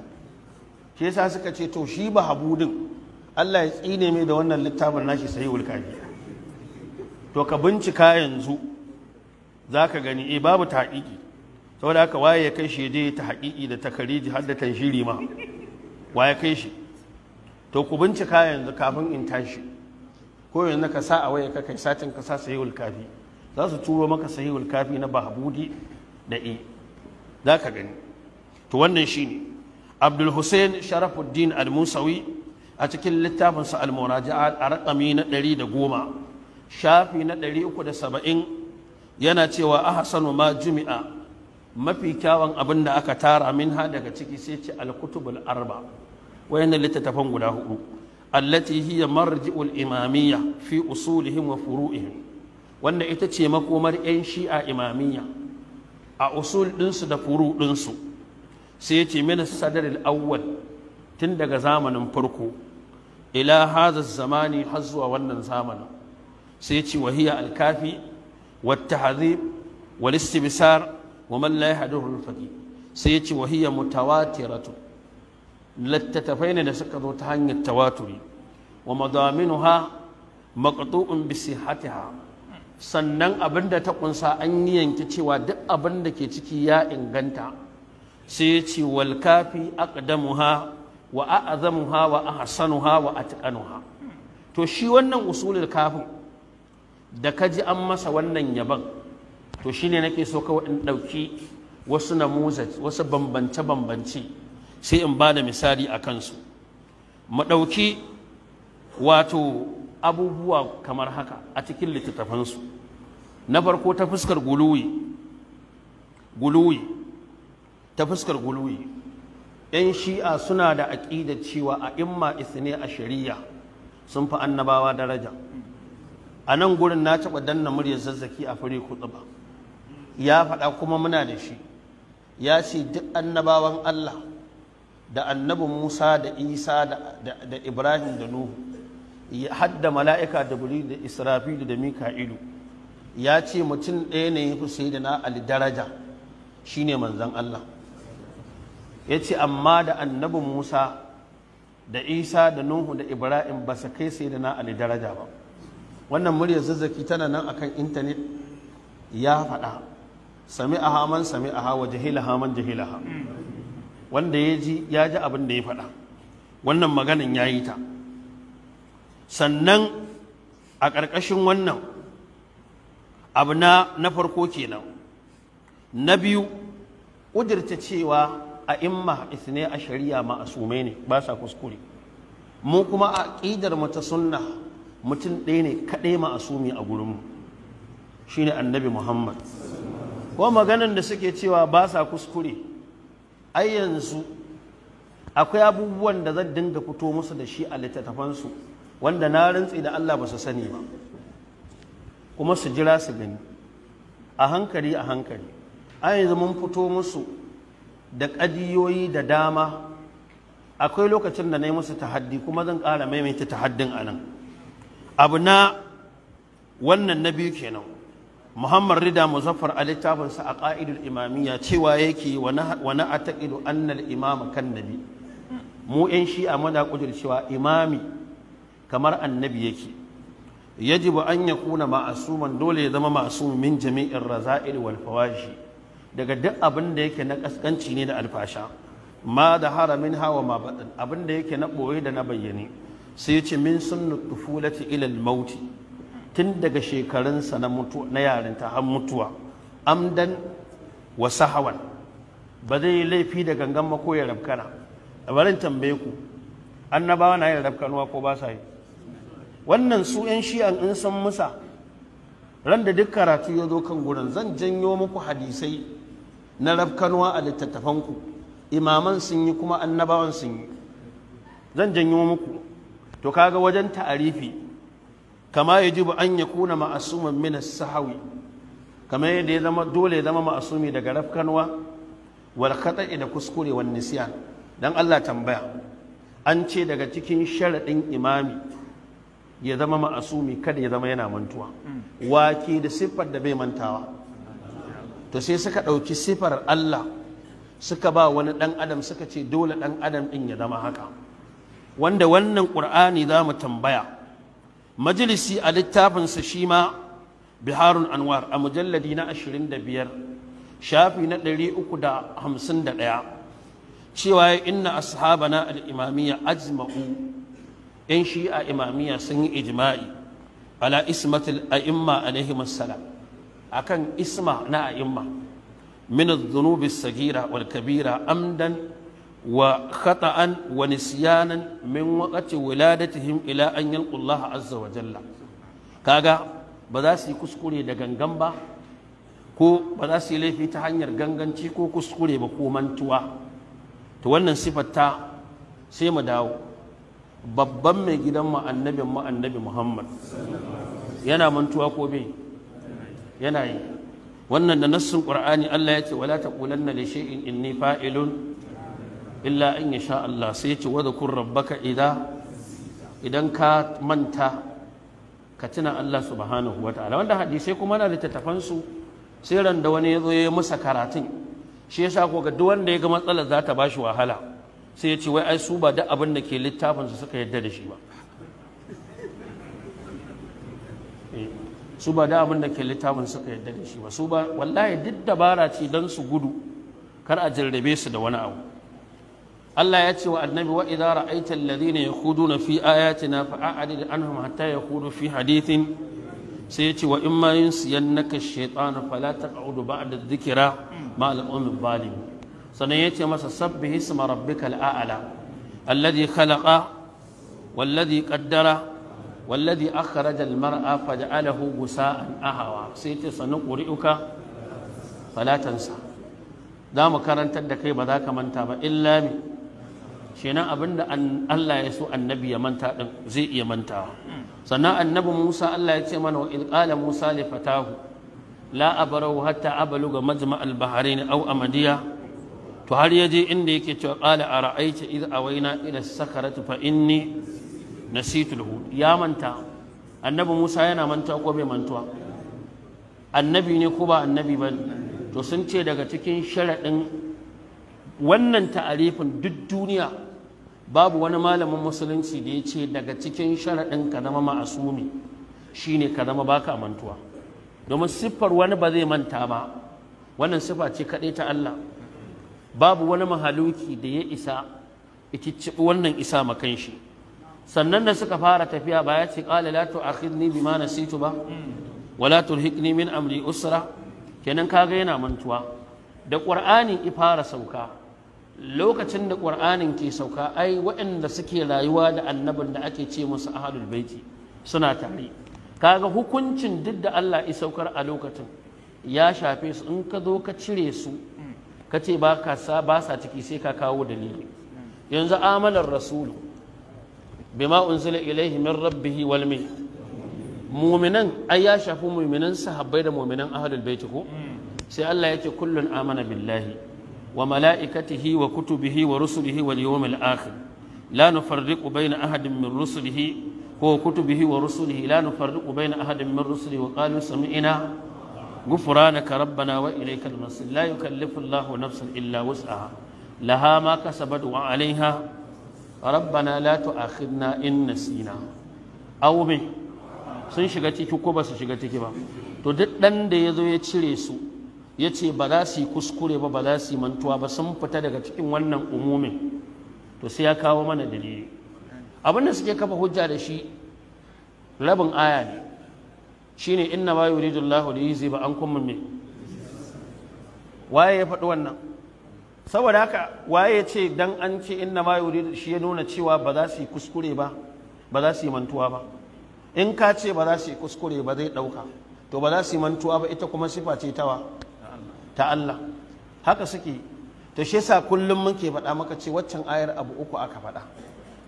shi yasa suka ce to shi ba habudin Allah ya tsine mai da wannan littafin nashi sai wulkafi to ka bincika yanzu zaka gani eh babu taqiqi saboda haka waye ya kai shi dai ta haqiqi da takariji har da tanshiri ma waye kai shi to ku bincika yanzu kafin in tashi ko yanzu ka sa a waye ka kai satin ka sa sahihul kafi za su turo maka sahihul kafi na bahbudi da e za ka gani to wannan shine Abdul Hussein Sharafuddin Al-Musawi a cikin littafinsa Al-Muraja'a a rakami na 110 shafi na 370 yana cewa ahsanu ma jumi'a mafi kyawun abin da aka tara minha daga ciki sai ce al-kutubul arba wayannan littattafan guda hudu allati hiya marji'ul imamiyya fi usulihim wa furu'ihim wanda ita ce makomar 'yan shi'a imamiyya a usul ɗinsu da furu ɗinsu sai ce min as-sadr awwal tun daga zamanin farko ila haza zamani har zuwa wannan zamanin sai ce wa hiya Alkafi kafi wat tahdhib istibsar wa man la yahduhu al-faqih sai yace wa hiya mutawatiratu ne da suka zo ta hanyar tawaturi wa madaminuha maqtu'un bi sihhatiha sannan abinda ta kunsa an yi yanke cewa duk abin da ke ciki ya inganta sai ya ce wal kafi aqdamuha wa a'zamuha wa ahsanuha wa atqanuha to shi wannan usulul kafin da kaji an masa wannan yaban to shine nake so kawai in dauki wasu namuzat wasu bambance bambance sai in bada misali a kansu mu dauki wato abubuwa kamar haka a cikin littattafansu na farko ta fuskar guluwi guluwi ta fuskar gulwi yan shi'a suna da aƙidar cewa a imma isne a shari'a sun fi annabawa daraja a nan gurin na taɓa danna muryar zazzaki a fure ba. ya faɗa kuma muna da shi ya ce duk annabawan Allah da annabin Musa da Isa da Ibrahim da Nuhu hadda mala'ika da buri da Israfilu da Mika'ilu ya ce mutum ɗaya ne ya fi sai da na Ali daraja shine manzon Allah ya ce amma da annabi musa da isa da nuhu da ibrahim ba su kai sai da na ali daraja ba wannan muryar zazzaki tana nan akan intanet ya faɗa sami a haman sami a hawa jahila haman jahila ha wanda ya ji ya ji abin da ya faɗa wannan maganin ya yi ta sannan a ƙarƙashin wannan abu na na farko kenan na biyu ƙudurta cewa a imma isne a shari'a ma a sume ne ba sa kuskure mu kuma a ƙidar mata sunna mutum ɗaya ne kaɗai ma a sumi a gurinmu shi ne annabi muhammad ko maganan da suke cewa ba sa kuskure ai yanzu akwai abubuwan da zan dinga fito musu da shi a littattafansu wanda na rantsi da allah ba su sani ba kuma su jira su gani a hankali a hankali a yanzu mun fito musu da ƙadiyoyi da dama akwai lokacin da na yi musu tahaddi kuma zan ƙara maimaita tahaddin a nan abu na wannan na biyu kenan muhammad rida muzaffar a littafinsa a ƙa'idul imamiyya cewa yake wani a taƙidu annal imama kan nabi mu 'yan shi'a muna cewa imami kamar annabi yake yajibu an ya kuna ma'asuman dole ya zama ma'asumin min jami'in raza'il wal fawashi daga duk abin da yake na kaskanci ne da alfasha ma da haramin hawa ma baɗin abin da yake na ɓoye da na bayyane sai ce min sun tufulati ilal mauti tun daga shekarunsa na mutuwa na yarinta har mutuwa amdan wa sahawan ba zai yi laifi da gangan mako ya rabkana barin tambaye ku annabawa na yin rabkanuwa ko ba sa yi wannan su yan shi'an in san musa ran da duk karatu ya zo kan gurin zan janyo muku hadisai na rafkanuwa a littattafanku imaman sun yi kuma annabawan sun yi zan janyo muku to kaga wajen ta'arifi kama yajibu an ya kuna ma'asumin minas sahawi, kamar yadda ya zama dole ya zama ma'asumi daga rafkanuwa wal khata'i da kuskure wa nisiya dan Allah tambaya an ce daga cikin sharaɗin imami ya zama ma'asumi kada ya zama yana mantuwa mm. wake da siffar da bai mantawa to sai suka ɗauki sifar Allah suka ba wani ɗan adam suka ce dole ɗan adam ɗin ya zama haka wanda wannan ƙur'ani za mu tambaya majalisi a littafinsa shi ma biharun anwar a mujalladi na biyar, shafi na ɗaya. cewa ya inna ashaba na imamiyya ajma'u yan shi'a imamiyya sun yi ijma'i ala ismatil a'imma alaihi salam akan isma na a'imma min adh-dhunubi as-saghira wal kabira amdan wa khata'an wa nisyanan min waqti wiladatihim ila an yalqu Allah azza wa jalla kaga ba za su yi kuskure da gangan ba ko ba za su yi laifi ta hanyar ganganci ko kuskure ba ko mantuwa to wannan sifar ta sai mu dawo babban mai gidan mu annabi Muhammad yana mantuwa ko bai yana yi wannan da nassin ƙur'ani Allah ya ce wala na li shay'in inni fa'ilun illa in yasha Allah sai ya ce wa dhkur rabbaka idza idan ka manta ka tuna Allah subhanahu wataala wanda hadisai kuma na littattafan su sai ran da wani ya zo ya masa karatun shi yasa ko ga duk wanda ya ga matsalar za ta bashi wahala sai ya ce wai ai su ba duk abin da ke littafinsu suka yarda da shi ba su ba da abin da ke littafin suka yadda da shi ba su ba wallahi duk dabara ce don su gudu kar a jarrabe su da wani abu Allah ya ce wa annabi wa idza ra'aita alladhina yakhuduna fi ayatina fa'arid anhum hatta yakhudu fi hadithin sai ya ce wa in ma yunsiyannaka ash-shaytanu fala taq'udu ba'da dhikra ma al-qawmi zalim sannan ya ce masa sabbih isma rabbikal a'la alladhi khalaqa walladhi قدر wallazi akhraja al-mar'a faj'alahu gusa'an ahawa sai ta sanu qur'uka fala za mu karantar da kai ba za ka manta ba illa mi abinda Allah ya annabi ya manta din zai iya mantawa sannan annabi Musa Allah ya ce mana wa qala Musa li fatahu la abarau hatta abluga majma' al-bahrain aw amadiya to har yaje inda yake cewa a ara'aita id awaina ila nasitul hud ya manta annabi Musa yana manta ko bai mantuwa annabi ne ko ba annabi ba to sun ce daga cikin sharaɗin wannan ta'arifin duk duniya babu wani malamin musulunci da ya ce daga cikin sharaɗin ka zama ma'asumi shine ka zama baka mantuwa domin siffar wani ba zai manta ba wannan siffa ce kaɗai ta Allah babu wani mahaluki da ya isa ita wannan isa kan shi sannan da suka fara tafiya ba ya ce qala la tu'akhidni bima nasitu ba wala turhiqni min amri usra kenan kaga yana mantuwa da i fara sauka lokacin da qur'anin ke sauka ai waɗanda suke rayuwa da annabin da ake ce musu ahlul baiti suna tare kaga hukuncin duk da Allah i saukar a lokacin ya shafe su in ka zo ka cire su ka ce ba sa ciki sai ka kawo dalili yanzu amalar rasulu bima unzila ilaihi min rabbihi wal ya shafi mu'minan sahabbai da mu'minan ahlul bait ko sai Allah yake kullun amana billahi wa mala'ikatihi wa kutubihi wa rusulihi wal yawmil akhir la nufarriqu bayna ahadin min rusulihi ko kutubihi wa rusulihi la nufarriqu bayna ahadin min rusulihi wa qalu sami'na ghufranaka rabbana wa ilaykal nafsan illa wus'aha laha ma kasabat rabbana la tu'akhidna in nasina aw sun shiga ciki ko ba su shiga ciki ba to duk dan da yazo ya cire su ya ce ba za su yi kuskure ba ba za su yi mantuwa ba sun fita daga cikin wannan umumin to sai ya kawo mana dalili abin da suke kafa hujja da shi rabin aya ne shine inna ma yuridu Allahu li yuzhiba ankum min waye ya faɗi wannan saboda haka waye ya ce dan an ce inna ma shi ya nuna cewa ba za su yi kuskure ba ba za su yi mantuwa ba in ka ce ba za su yi kuskure ba zai ɗauka to ba za su yi mantuwa ba ita kuma sifa ce tawa ta Allah haka suke Ta shi sa kullum muke faɗa maka ce waccan ayar abu uku aka faɗa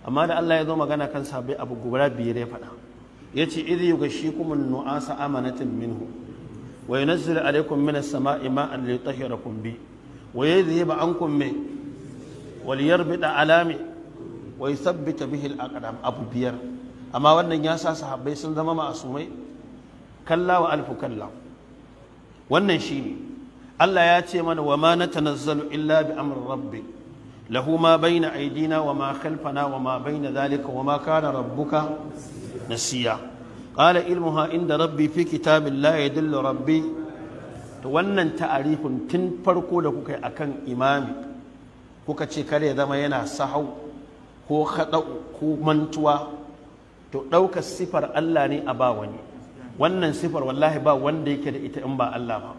amma da Allah ya zo magana kan sabai abu guda biyar ya faɗa yace idh shi kuma nuasa amanatin minhu wa yunazzilu alaykum minas sama'i ma'an liyutahhirakum bi? waye zai ba an kumme waliyar bida alami wai sabbita bihil aqdam abu biyar amma wannan ya sa sahabbai sun zama ma'asumai kalla wa alfu kalla wannan shine Allah ya ce mana wa ma natanazzalu illa bi amri rabbi lahu ma baina aidina wa ma khalfana wa ma baina dhalika wa ma kana rabbuka nasiya qala ilmuha inda rabbi fi kitabillahi yadullu rabbi to wannan ta'arifin tun farko da kuka yi a kan imami kuka ce kar ya zama yana sahau ko haɗa'u ko mantuwa to ɗaukar sifar Allah ne a ba wani wannan sifar wallahi ba wanda yake da ita in ba Allah ba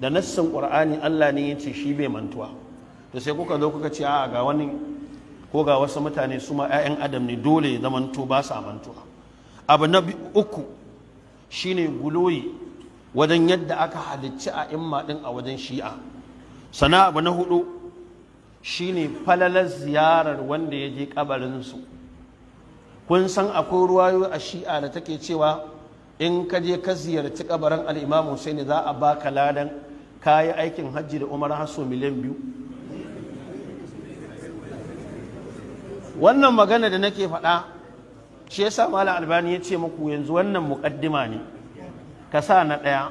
da nassan ƙur'ani Allah ne ya ce shi bai mantuwa to sai kuka zo kuka ce a ga wani ko ga wasu mutane su ma 'ya'yan adam ne dole ya zamanto ba sa mantuwa abu na uku shine guloyi wajen yadda aka halicci a imma din a wajen shi'a sana abu na hudu shine falalar ziyarar wanda ya je kabarinsu kun san akwai ruwayo a shi'a da take cewa in ka je ka ziyarci kabarin al'imam Hussein za a baka ladan kayi aikin hajji da umar haso miliyan biyu wannan magana da nake faɗa shi yasa malam albani ya ce muku yanzu wannan muƙaddima ne ka sa na ɗaya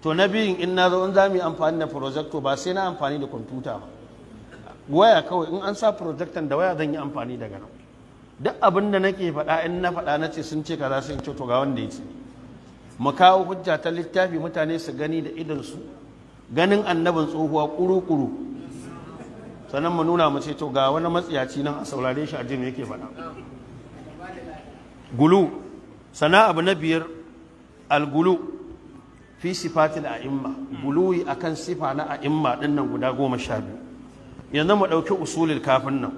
to na biyun in na zo in za mu yi amfani da projector ba sai na amfani da kwamfuta ba waya kawai in an sa projector da waya zan yi amfani daga nan duk abin da nake faɗa in na faɗa na ce sun ce za su yi to ga wanda ya ce mu kawo hujja ta littafi mutane su gani da idansu ganin annabin tsohuwa kuru-kuru sannan mu nuna mu ce to ga wani matsiyaci nan a saurare shi a jin yake faɗa gulu sana abu na biyar algulu fi sifatil a'imma guluwi akan sifa na a'imma din nan guda goma sha biyu yanzu mu ɗauki usulil kafin nan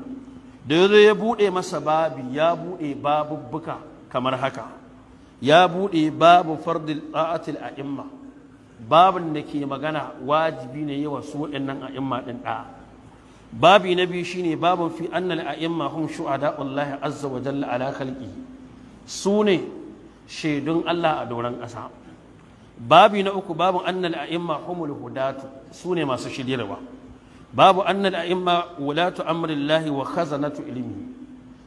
da yanzu ya buɗe masa babi ya buɗe babubbuka kamar haka ya buɗe babu fardil ta'atil a'imma babin da ke magana wajibi ne yawa su waɗannan a'imma ɗin da'a. babi na biyu shine babin fi annal a'imma hum shuhada'ullahi azza wa jalla ala khalqi su ne shaidun Allah a doron ƙasa Babu na uku babu annal a'imma humul hudatu su ne masu shiryarwa babu annal a'imma wulatu amrillahi wa khazanatu ilmi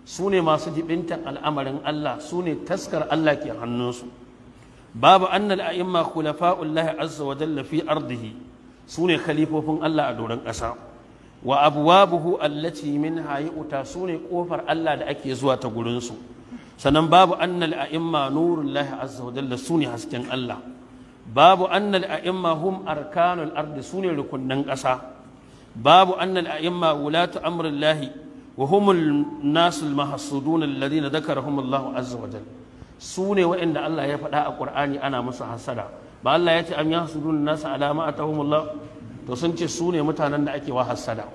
su ne masu jibintan al'amarin Allah su ne taskar Allah ke hannunsu babu annal a'imma khulafa'ullahi azza wa jalla fi ardihi su ne khalifofin Allah a doron ƙasa wa abuwabuhu allati minha yu'ta sune kofar Allah da ake zuwa ta gurin su sannan babu annal a'imma nurullahi azza wa jalla sune hasken Allah babu annal a'imma hum arkanul ardi sune rukunnan ƙasa babu annal a'imma wulatu amrillahi wa humul nasul mahsudun alladhina dhakarahum Allahu azza wa jalla sune wa'anda Allah ya faɗa a Qur'ani ana musu hasada ba Allah ya ce am yahsudun nasa alama atahum Allah to sun ce sune mutanen da ake wa hasada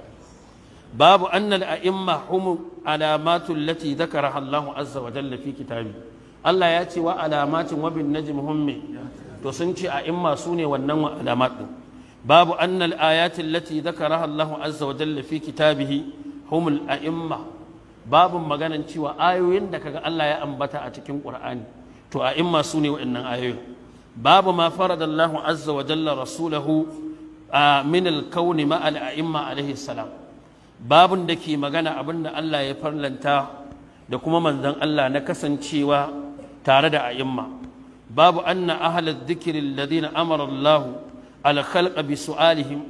babu annal a'imma hum alamatul lati dhakaraha Allahu azza wa jalla kitabi Allah ya ce wa alamatin wa bin najm hum to sun ce a'imma wannan wa alamat din babu annal ayatin lati dhakaraha Allahu azza wa jalla kitabihi humul a'imma babu maganan cewa ayoyin da kaga Allah ya ambata a cikin Qur'ani to a'imma sune waɗannan ayoyin babu ma farada Allahu azza wa kauni babun da ke magana abin da Allah ya farlanta da kuma manzon Allah na kasancewa tare da a'imma babu anna ahlal dhikri alladhina amara Allah al khalqa bi su'alihim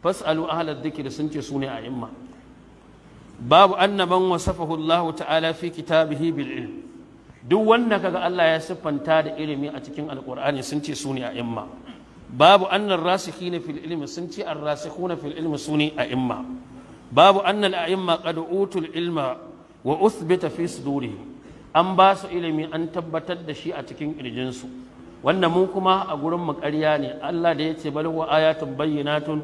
fas'alu ahlal dhikri sun ce sune a'imma babu anna man wasafahu Allah ta'ala fi kitabihi bil ilm duk wanda kaga Allah ya siffanta da ilimi a cikin alqur'ani sun ce sune a'imma babu anna ar-rasikhina fil ilmi sun ce ar-rasikhuna fil ilmi sune a'imma babu annal a'imma qad utul ilma wa uthbita fi sudurihim an ba su ilimi an tabbatar da shi a cikin ƙirjinsu wannan mu kuma a gurin mu ƙarya ne Allah da ya ce bal wa ayatun bayyinatun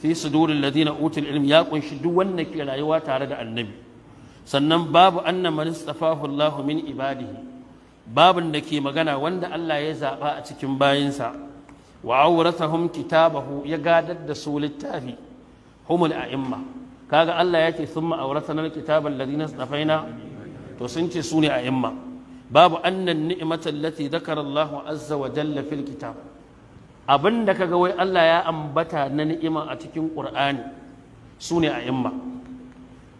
fi suduril ladina utul ilm ya kunshi duk wanda ke rayuwa tare da annabi sannan babu anna man istafahu Allah min ibadihi da ke magana wanda Allah ya zaba a cikin bayinsa wa awrathahum kitabahu ya gadar da su littafi humul a'imma kaga Allah ya ce summa awratana alkitaba alladhina istafaina to sun ce su ne a yamma babu annan ni'mata allati dhakara Allah azza wa jalla fil kitab abinda kaga wai Allah ya ambata na ni'ima a cikin su ne a yamma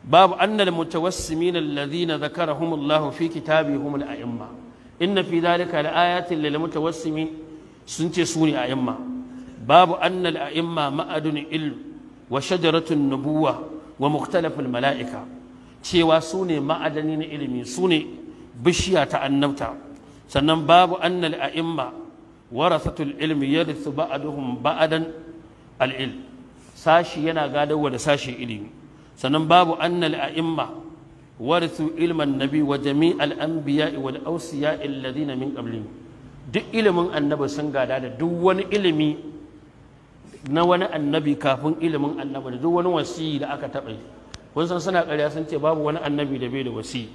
babu annal mutawassimina alladhina dhakarahum Allah fi kitabihum al a'imma inna fi dhalika laayatin lil mutawassimin sun ce su ne a yamma babu annal a'imma ma'adun ilm wa shajaratun nubuwa wa muktalafin mala'ika cewa su ne ma'adani na ilimi su ne bishiya ta annabta sannan babu annal a'imma warasatul ilmi yarithu ba'aduhum ba'adan al'il sashi yana gadarwa da sashi ilimi sannan babu annal a'imma warithu ilman nabi wa jami'al anbiya'i wal awsiya'i alladhina min qablihim duk ilimin annabi sun gada da duk wani ilimi na wani annabi kafin ilimin annabi da duk wani wasiyi da aka taɓa kun san suna ƙarya sun ce babu wani annabi da bai da wasiyi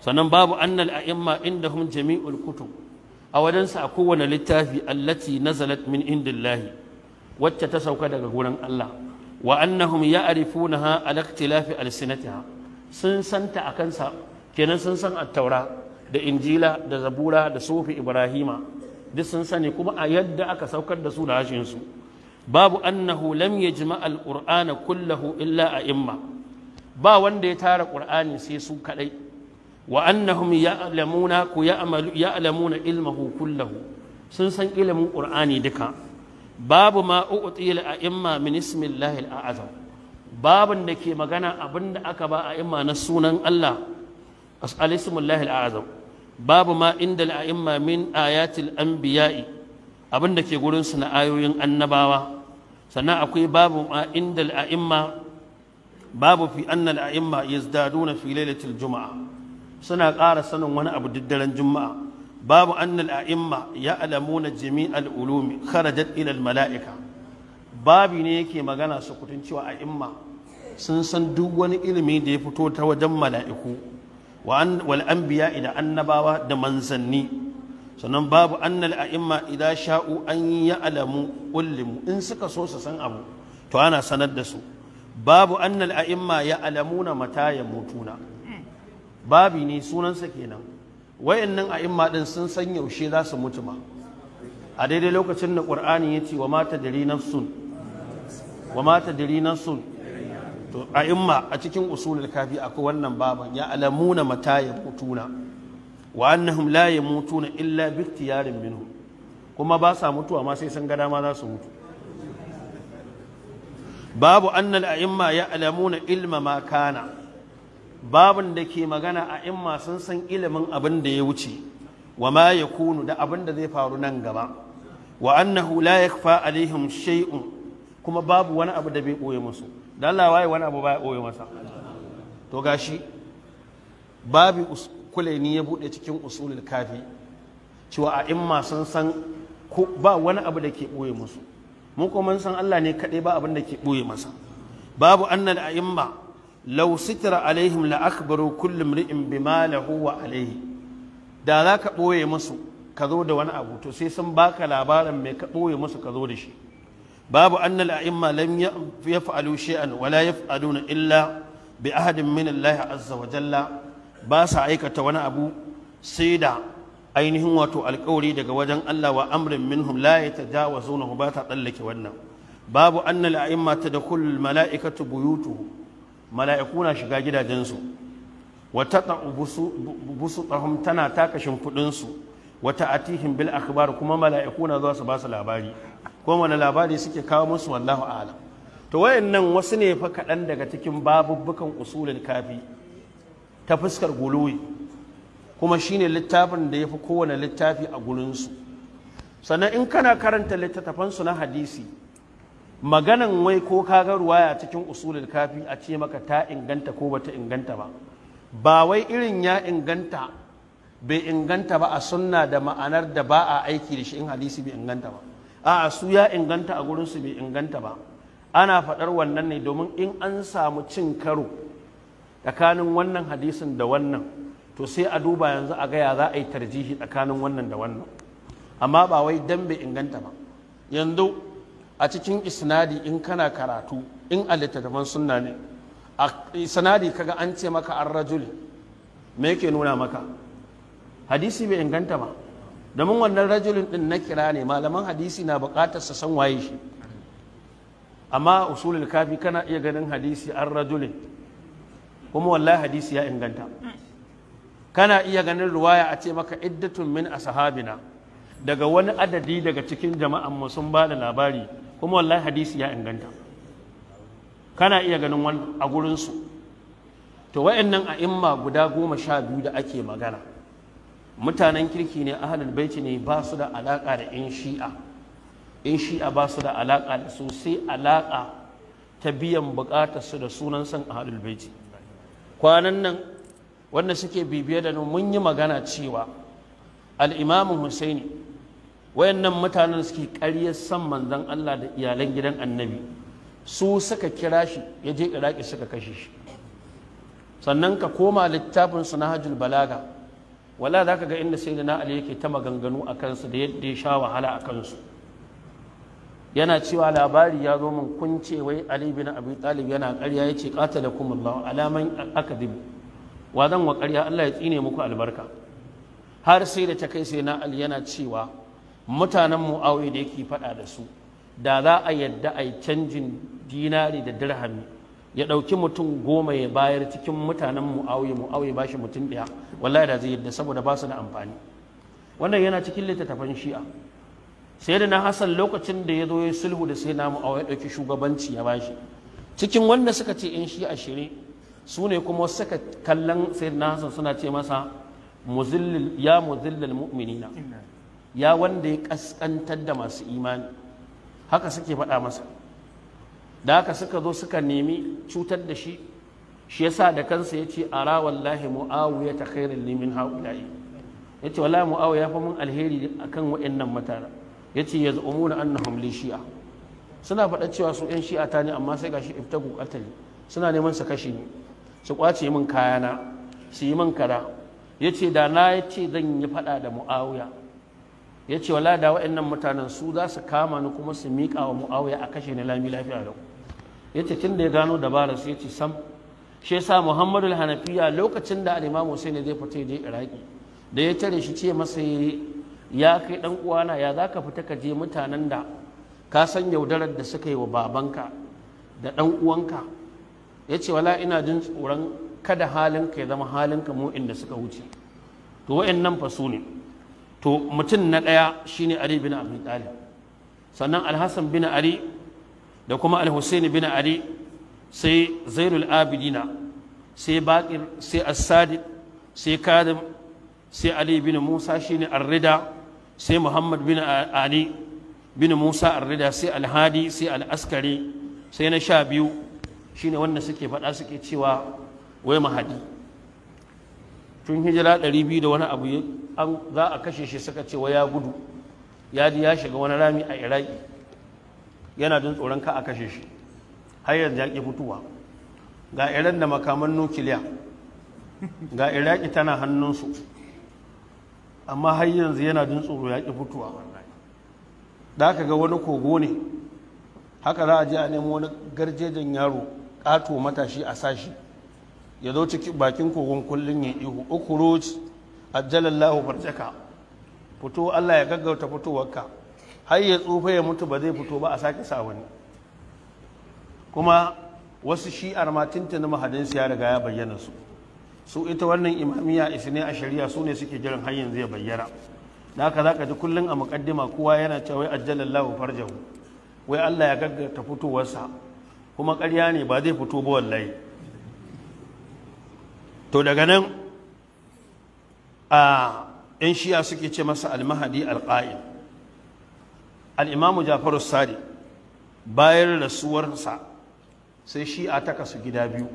sannan babu annal a'imma hum jami'ul kutub a wajensa a kowane littafi allati nazalat min indillahi wacce ta sauka daga gurin Allah wa annahum ya'rifunaha ala ikhtilafi alsinatiha sun santa akan sa kenan sun san a taura da injila da zabura da sufi ibrahima duk sun sani kuma a yadda aka saukar da su da hashin su babu annahu lam yajma al-qur'ana kullahu illa a'imma. ba wanda ya tara qur'ani sai su kadai wa annahum ya'lamuna ku ya'malu ya'lamuna ilmahu kullahu sun san ilimin qur'ani duka babu ma u'til a'imma min ismillahi al-a'zam babun da ke magana abinda aka ba a'imma na sunan Allah as'alismullahi al-a'zam babu ma inda aimma min ayatil anbiya'i abin da ke gurinsu na ayoyin annabawa sannan akwai babu inda al'a'imma babu fi annal a'imma yazdaduna fi lailatul juma'a suna ƙara sanin wani abu daren juma'a babu annal a'imma ya'lamuna jami'al ulumi kharajat ila al mala'ika babi ne yake magana su kutun cewa a'imma sun san duk wani ilimi da ya fito ta wajen mala'iku wal anbiya da annabawa da manzanni sannan babu annal a'imma idan sha'u an yi ya'lamu ulimu in suka so su san abu to ana sanar da su babu annal a'imma na mata mutuna babi ne sunansa kenan wayannan a'imma din sun san yaushe za su mutu ma a daidai lokacin da qur'ani yace wa mata dari sun wa mata dari sun to a'imma a cikin usulul kafi akwai wannan baban na mata mutuna wa annahum la yamutuna illa bi ikhtiyarin minhu kuma ba sa mutuwa ma sai san ga dama za su mutu babu annal a'imma ya'lamuna ilma ma kana babun da ke magana a imma sun san ilimin abin da ya wuce wa ma yakunu da abin da zai faru nan gaba wa annahu la yakfa alaihim shay'un kuma babu wani abu da bai koye musu dan Allah waye wani abu bai ya koye masa to gashi babu kulaini ya buɗe cikin usulul kafi cewa a imma sun san ba wani abu da ke ɓoye musu mu kuma san Allah ne kaɗai ba abin da ke ɓoye masa babu annal a'imma law sitira alaihim la kullum kullu mri'in bima lahu wa alaihi da za ka ɓoye musu ka zo da wani abu to sai sun baka labarin mai ka ɓoye musu ka zo da shi babu annal a'imma lam yaf'alu shay'an wala yaf'aluna illa bi ahadin min Allah azza wa jalla ba sa aikata wani abu sai da ainihin wato alkawari daga wajen Allah wa amrin minhum la yatajawazunahu ba ta tsallake wannan babu anna al'imma tadkhul mala'ikatu buyutuhu mala'iku na shiga gidajensu wa tata'u busutahum tana taka shimfudin su wa ta'atihim bil akhbar kuma mala'iku na zuwa su ba su labari ko wani labari suke kawo musu wallahu a'lam to wayannan wasu ne fa kaɗan daga cikin babubbukan usulul kafi ta fuskar guluwi kuma shine littafin da ya fi kowane littafi a gurinsu sannan in kana karanta littattafansu na hadisi maganan wai ko kaga ruwaya cikin usulul kafi a ce maka ta inganta ko bata inganta ba ba wai irin ya inganta bai inganta ba a sunna da ma'anar da ba a aiki da shi in hadisi bai inganta ba a'a su ya inganta a gurinsu bai inganta ba ana faɗar wannan ne domin in an samu cin karo tsakanin wannan hadisin da wannan to sai a duba yanzu a gaya za a yi tarjihi tsakanin wannan da wannan amma ba wai dan bai inganta ba yanzu a cikin isnadi in kana karatu in a littattafan sunna ne a isnadi kaga an ce maka an rajul me yake nuna maka hadisi bai inganta ba domin wannan rajulin din na kira ne malaman hadisi na buƙatar sa san waye shi amma usulul kafi kana iya ganin hadisi an rajulin kuma wallahi hadisi ya inganta kana iya ganin ruwaya a ce maka iddatun min ashabina daga wani adadi daga cikin jama'an mu sun ba da labari kuma wallahi hadisi ya inganta kana iya ganin wani a gurin su to wayannan a'imma guda goma sha biyu da ake magana mutanen kirki ne ahlul baiti ne ba su da alaka da in shi'a in shi'a ba su da alaka da sosai alaka ta biyan bukatar su da sunan san ahlul baiti kwanan nan wanda suke bibiye da mun yi magana cewa al'imamin husaini wayannan mutanen suke ƙaryar san manzan Allah da iyalan gidan annabi su suka kira shi ya je iraki suka kashe shi sannan ka koma littafin su na hajjul balaga wala za ka ga inda sai da na ali yake ta maganganu a kansu da yadda ya sha wahala a kansu yana cewa labari ya zo min kun ce wai Ali bin Abi Talib yana ƙarya yace qatalakum Allah alaman akadib wa zan wa ƙarya Allah ya tsine muku albarka har sai da ta kai sai na Ali yana cewa mutanen Muawiya da yake faɗa da su da za a yadda a yi canjin dinari da dirhami ya ɗauki mutum goma ya bayar cikin mutanen Muawiya Muawiya ba shi mutum ɗaya wallahi da zai yadda saboda ba su da amfani wannan yana cikin littattafan shi'a sai da na hasan lokacin da ya zo ya sulhu da sai namu a ya ɗauki shugabanci ya bashi cikin wanda suka ce in shi shirin su ne kuma suka kallon sai na hasan suna ce masa ya muzillil mu'minina ya wanda ya kaskantar da masu imani haka suke faɗa masa da haka suka zo suka nemi cutar da shi shi yasa da kansa ya ce ara wallahi mu'awiya ta khairin limin haula'i ya ce wallahi mu'awiya fa mun alheri akan waɗannan matara yace muna annahum li shi'a suna faɗa cewa su yan shi'a ta ne amma sai shi ibta qatali suna neman su kashe ni su kwace min kayana su yi min kara yace da na ya ce zan yi faɗa da muawiya yace wala da waɗannan mutanen su za su kama ni kuma su miƙa wa muawiya a kashe ni lami lafiya da ya yace tun da ya gano dabarar su ce sam shi yasa Muhammadu al-Hanafiya lokacin da al sai ne zai fita je Iraki da ya tare shi ce masa ya kai dan uwana ya za ka fita ka je mutanen da ka san yaudarar da suka yi wa babanka da dan uwanka ya ce wala ina jin tsoron kada halin ka ya zama halin halinka mu'in da suka wuce to wa'annan fa su ne to mutum na ɗaya shine ali bin abi talib sannan alhassan bin ali da kuma alhussein bin ali sai zairul abidina sai baƙir sai as sai kadim sai ali bin musa shine rida sai muhammad bin ali bin musa arrida sai alhadi sai al'askari sai na sha biyu shi ne wanda suke faɗa suke cewa wai mahadi tun hijira ɗari biyu da wani abu za a kashe shi suka cewa ya gudu ya ji ya shiga wani rami a iraki yana jin tsoron ka a kashe shi har yanzu ya ƙi fitowa ga iran da makaman nukiliya ga iraki tana hannunsu amma har yanzu yana jin tsoro ya ƙi fitowa da aka ga wani kogo ne haka za a je a nemo wani garjejen yaro ƙato matashi a sashi ya zo ciki bakin kogon kullum ya ihu ukuruj ajjalallahu farceka fito Allah ya gaggauta fitowarka har ya tsufa ya mutu ba zai fito ba a sake sa wani kuma wasu shi'ar ma tintin mahadinsu ya riga ya bayyana su su ita wannan imamiya isne a shari'a su ne suke jiran hanyar zai bayyana da haka za ka ji kullum a mukaddima kowa yana cewa wai ajjalallahu farjahu wai Allah ya gaggata fitowarsa kuma karya ne ba zai fito ba wallahi to daga nan a yan shiya suke ce masa almahadi mahadi al-imamu Jafaru Sadi bayan rasuwarsa sai shi'a ta kasu gida biyu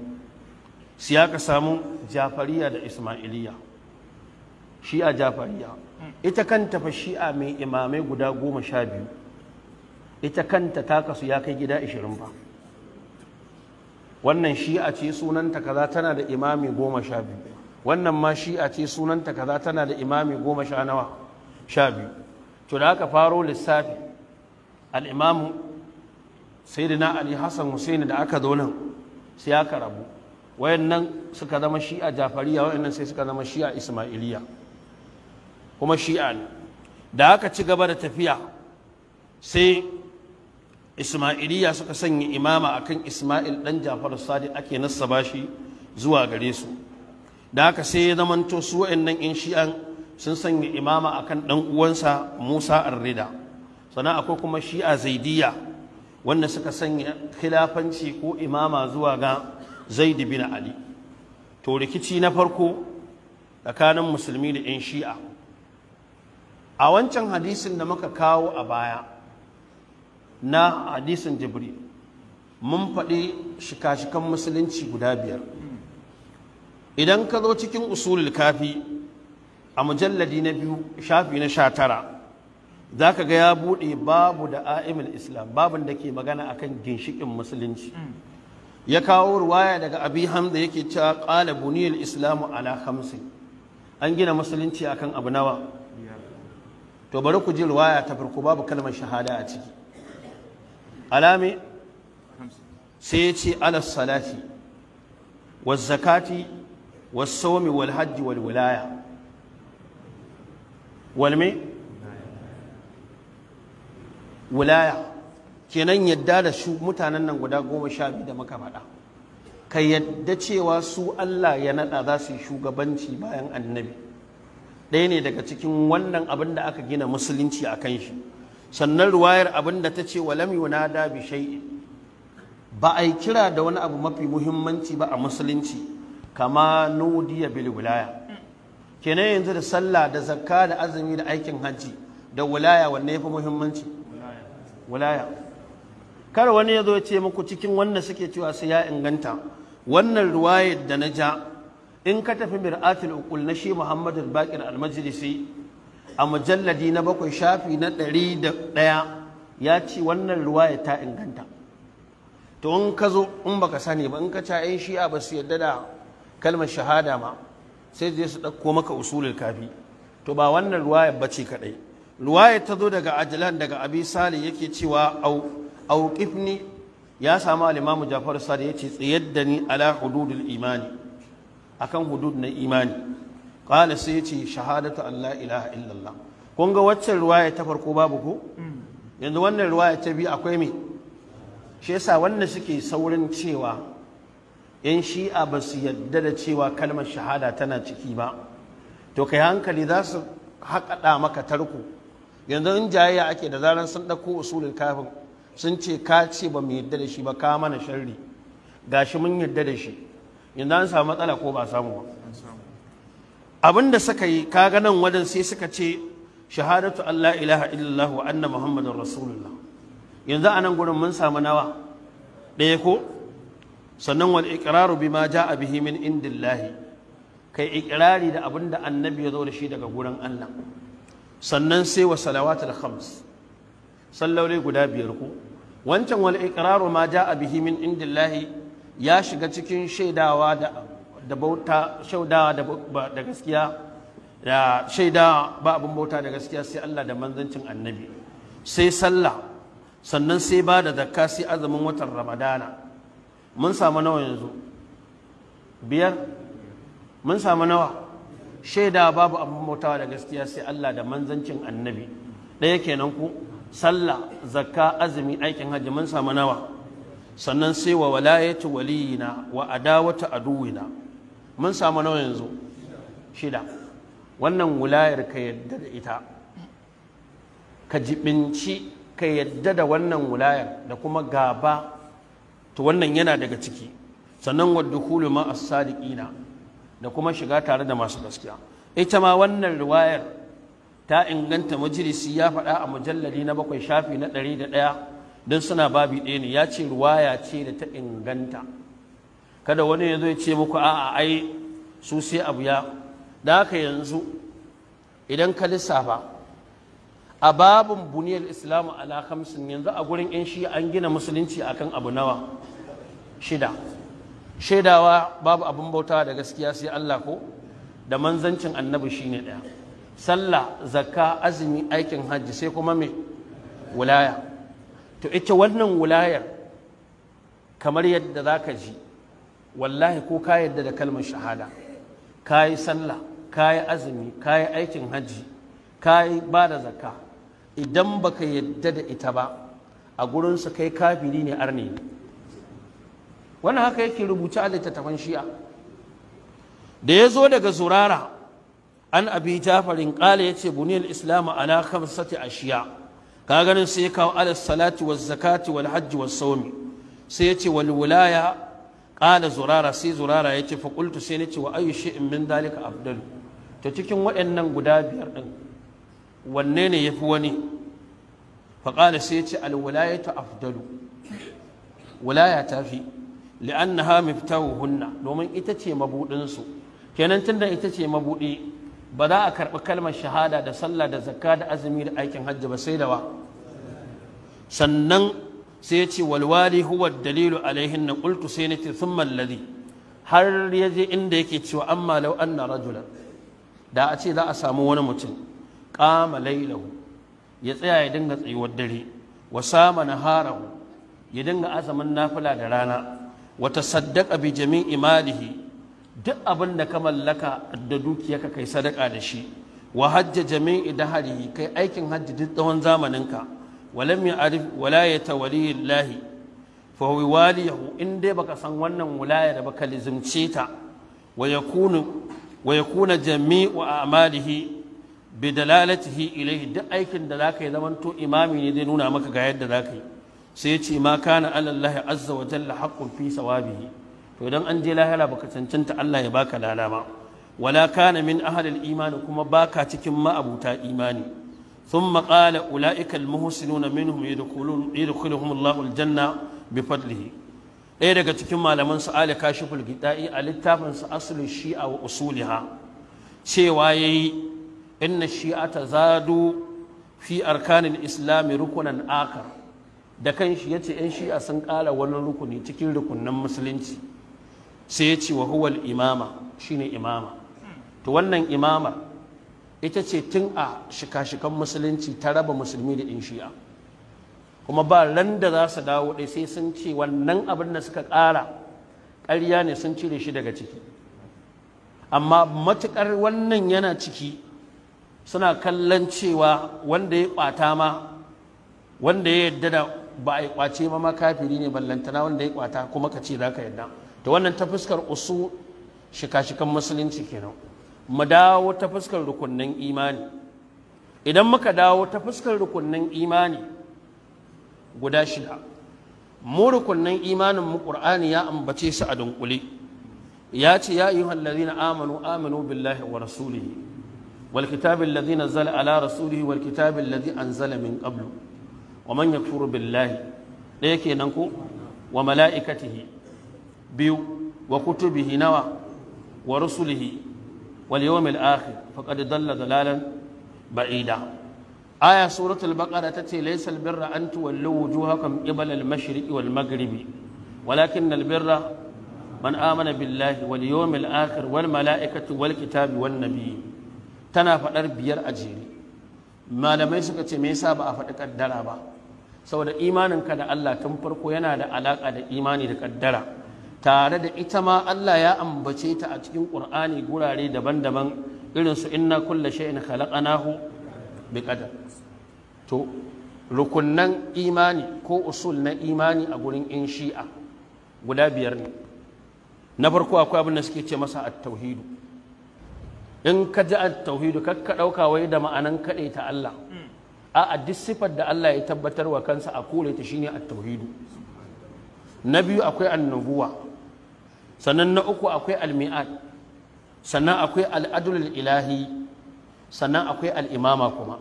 sai aka samu jafariya da ismailiya shi'a jafariya ita kanta fa shi'a mai imamai guda goma sha biyu ita kanta ta kasu ya kai gida ashirin ba wannan shi'a ce sunanta kaza tana da imami goma sha biyu wannan ma shi'a ce sunanta kaza tana da imami goma sha nawa sha biyu to da aka faro lissafi al'imamu na ali hassan hussein da aka zo nan sai aka rabu Wayan nan suka zama shi'a jafariya wayan nan sai suka zama shi'a ismailiya kuma shi'a ne da haka ci gaba da tafiya sai ismailiya suka sanya imama a kan ismail ɗan Jafaru Sadi ake nassaba shi zuwa gare su da haka sai ya zamanto su nan in shi'an sun sanya imama a kan ɗan uwansa musa arrida sannan akwai kuma shi'a zaidiya wanda suka sanya khilafanci ko imama zuwa ga zaid bin ali to rikici na farko tsakanin musulmi da yan shi'a a wancan hadisin da muka kawo a baya na hadisin jibril mun faɗi shika-shikan musulunci guda biyar idan ka zo cikin usulul kafi a mujalladi na biyu shafi na sha tara za ka ga ya buɗe babu da a'imul islam babin da ke magana akan ginshikin musulunci ya kawo ruwaya daga abi hamda yake cewa qala buniyal islamu ala khamsin an gina musulunci akan abu nawa to bari ku ji ruwaya ta farko babu kalmar shahada a ciki alami sai ya ce ala salati was zakati was sawmi wal hajji wal wilaya wal me wilaya kenan yadda da su mutanen nan guda goma sha biyu da muka faɗa ka yadda cewa su Allah ya naɗa za su yi shugabanci bayan annabi ɗaya ne daga cikin wannan abin da aka gina musulunci a kan shi sannan ruwayar abin da ta ce wa walam yunada bi shay'in ba a yi kira da wani abu mafi muhimmanci ba a musulunci kama nudiya bil wilaya kenan yanzu da sallah da zakka da azumi da aikin hajji da wilaya wanne yafi muhimmanci wilaya kar wani ya zo ya ce muku cikin wannan suke cewa su ya inganta wannan ruwayar da na ja in ka tafi mir'atul uqul na shi Muhammad al al-Majlisi a mujalladi na bakwai shafi na ɗari da ɗaya ya ce wannan ruwayar ta inganta to in ka zo in baka sani ba in ka ca yan shi'a ba su yadda da kalmar shahada ma sai je su ɗauko maka usulul kafi to ba wannan ruwayar ce kaɗai. ruwayar ta zo daga ajalan daga abi sali yake cewa au auƙifni ya samu al-imamu Ja'far Sadiq yace tsayar da ni ala hududul imani akan hudud na imani qala sai yace shahadatu an la ilaha illallah kun ga waccan ruwaya ta farko babu ku mm. yanzu wannan ruwaya ta biyu akwai me shi yasa wanda suke saurin cewa yan shi'a ba su yadda da cewa kalmar shahada tana ciki ba to kai hankali za su haƙaɗa maka tarko yanzu in jayayya ake da zarar sun ɗauko usulin kafin sun ce ka ce ba mu yadda da shi ba ka mana sharri shi mun yadda da shi yanzu an samu matsala ko ba samu ba abin da suka yi ga nan wajen sai suka ce shahadatu Allah ilaha illallah wa anna muhammadun rasulullah yanzu a nan gurin mun samu nawa ɗaya ko sannan bi ma ja a bihi min indillahi kai ikirari da abin da annabi ya zo da shi daga gurin Allah sannan sai wa salawatul khams sallolai guda biyar ko wancan wani iqraru ma ja bihi min indillahi ya shiga cikin shaidawa da da bauta shaidawa da gaskiya da shaida ba abin bauta da gaskiya sai Allah da manzancin annabi sai sallah sannan sai ba da zakka sai azumin watan ramadana mun samu nawa yanzu biyar mun samu nawa shaida babu abin bautawa da gaskiya sai Allah da manzancin annabi ɗaya kenan ku sallah zakka azumi aikin hajji mun samu nawa sannan sai wa walayatu waliyina wa adawata aduwina mun samu nawa yanzu shida wannan wulayar ka yadda da ita ka jibinci ka yadda da wannan wulayar da kuma gaba to wannan yana daga ciki sannan wadda hulu ma as-sadiqina da kuma shiga tare da masu gaskiya ita ma wannan riwayar ta inganta majalisi ya faɗa a mujalladi na bakwai shafi na ɗari da ɗaya don suna babi ɗaya ne ya ce ruwaya ce da ta inganta kada wani ya zo ya ce muku a'a ai su sai abu ya da haka yanzu idan ka lissafa a babin buniyar islamu ala hamsin yanzu a gurin yan shi an gina musulunci akan abu nawa shida shaidawa babu abin bautawa da gaskiya sai Allah ko da manzancin annabi shine ɗaya sallah zakka azumi aikin hajji sai kuma mai wulaya to ita wannan wulayar kamar yadda za ka ji wallahi ko ka yadda da kalmar shahada ka yi sallah ka yi azumi ka yi aikin hajji ka yi ba da zakka idan ba ka yadda da ita ba a gurinsa kai kafiri ne arni Wani wannan haka yake rubuta a littattafan shi'a da ya zo daga zurara an abi jafarin kala yace buniyal islamu ala a ashiya ka ganin sai kawo ala salati waz zakati wal hajji wa sawmi sai yace wal wilaya zurara sai zurara ya ce qultu sai ce wa ayu shay'in min dalika afdal to cikin waɗannan guda biyar din wanne ne yafi wani fa qala sai yace al wilayatu afdalu wilaya tafi li'annaha miftahuhunna domin ita ce mabudin su kenan tunda ita ce mabudi ba za a karɓi kalmar shahada da sallah da zakka da azumi da aikin hajji ba sai da wa sannan sai ya ce walwali huwa dalilu alaihin na qultu sai nace sun alladhi har ya je inda yake cewa amma law anna rajulan da a ce za a samu wani mutum qama laylahu ya tsaya ya dinga tsayuwar dare wa sama naharahu ya dinga azamin nafila da rana wa tasaddaqa bi jami'i malihi duk abin da ka mallaka da dukiya ka kai sadaka da shi wa hajja jami'i da hari kai aikin hajji duk tsawon zamaninka walam ya walayata waliyillahi fa waliyahu in dai baka san wannan wulaya da baka lizimce ta wa yakunu wa yakuna jami'u a'malihi bi dalalatihi ilayhi duk aikin da zaka yi zamanto imami ne zai nuna maka ga yadda zaka yi sai ya ce ma kana alallahi azza wa jalla haqqun fi sawabihi to idan an je lahira baka cancanta Allah ya baka lada ma wala kana min ahlil imani kuma baka cikin ma'abuta imani thumma qala ulaika almuhsinuna minhum yadkhulun yadkhuluhum Allahu aljanna bi fadlihi ɗaya daga cikin malaman su Ali Kashiful Gidai a littafin su aslul shi'a wa usuliha cewa yayi inna shi'ata zadu fi arkanin islami rukunan akar da kan shi 'yan shi'a sun kala wani rukuni cikin rukunan musulunci sai ya ce wa huwal imama shine imama to wannan imama ita ce tun a shika-shikan musulunci ta raba musulmi da in shi'a kuma ba ran da za su dawo ɗai sai sun ce wannan abin da suka ƙara ƙarya ne sun cire shi daga ciki amma matuƙar wannan yana ciki suna kallon cewa wanda ya ƙwata ma wanda ya yadda da ba a yi ƙwace ma makafiri ne ballantana wanda ya ƙwata kuma ka ce za ka yadda to wannan ta fuskar usu shika-shikan musulunci kenan mu dawo ta fuskar rukunnan imani idan muka dawo ta fuskar rukunnan imani guda shida mu rukunnan imanin mu qur'ani ya ambace su a dunkule ya ce ya ayyuhal ladina amanu amanu billahi wa rasulihi wal kitabil ladzi nazzala ala rasulihi wal kitabil ladzi anzala min qablu wa man yakfur billahi da yake nan ko wa mala'ikatihi biyu wa kutubihi nawa wa rusulihi wal yawmil akhir faqad dalla dalalan ba'ida aya suratul baqara ta ce al birra an tuwallu wujuhakum qibala al mashriqi wal maghribi walakin al man amana billahi wal yawmil akhir wal mala'ikati wal kitabi wan nabiy tana faɗar biyar a jere malamai suka ce me yasa ba a faɗi ƙaddara ba saboda imaninka da Allah tun farko yana da alaƙa da imani da ƙaddara. tare da ita ma Allah ya ambace ta a cikin ƙur'ani gurare daban-daban irin su inna kulla shay'in bi biqadar to rukunnan imani ko usul na imani a gurin in shi'a guda biyar ne na farko akwai abin da suke ce masa at-tauhidu in ka ji at-tauhidu kar ɗauka wai da ma'anan kaɗai ta Allah a'a duk sifar da Allah ya tabbatar wa kansa a kore ta shine at-tauhidu na biyu akwai annubuwa. sannan na uku akwai almi'ad sannan akwai al'adulul ilahi sannan akwai al'imama kuma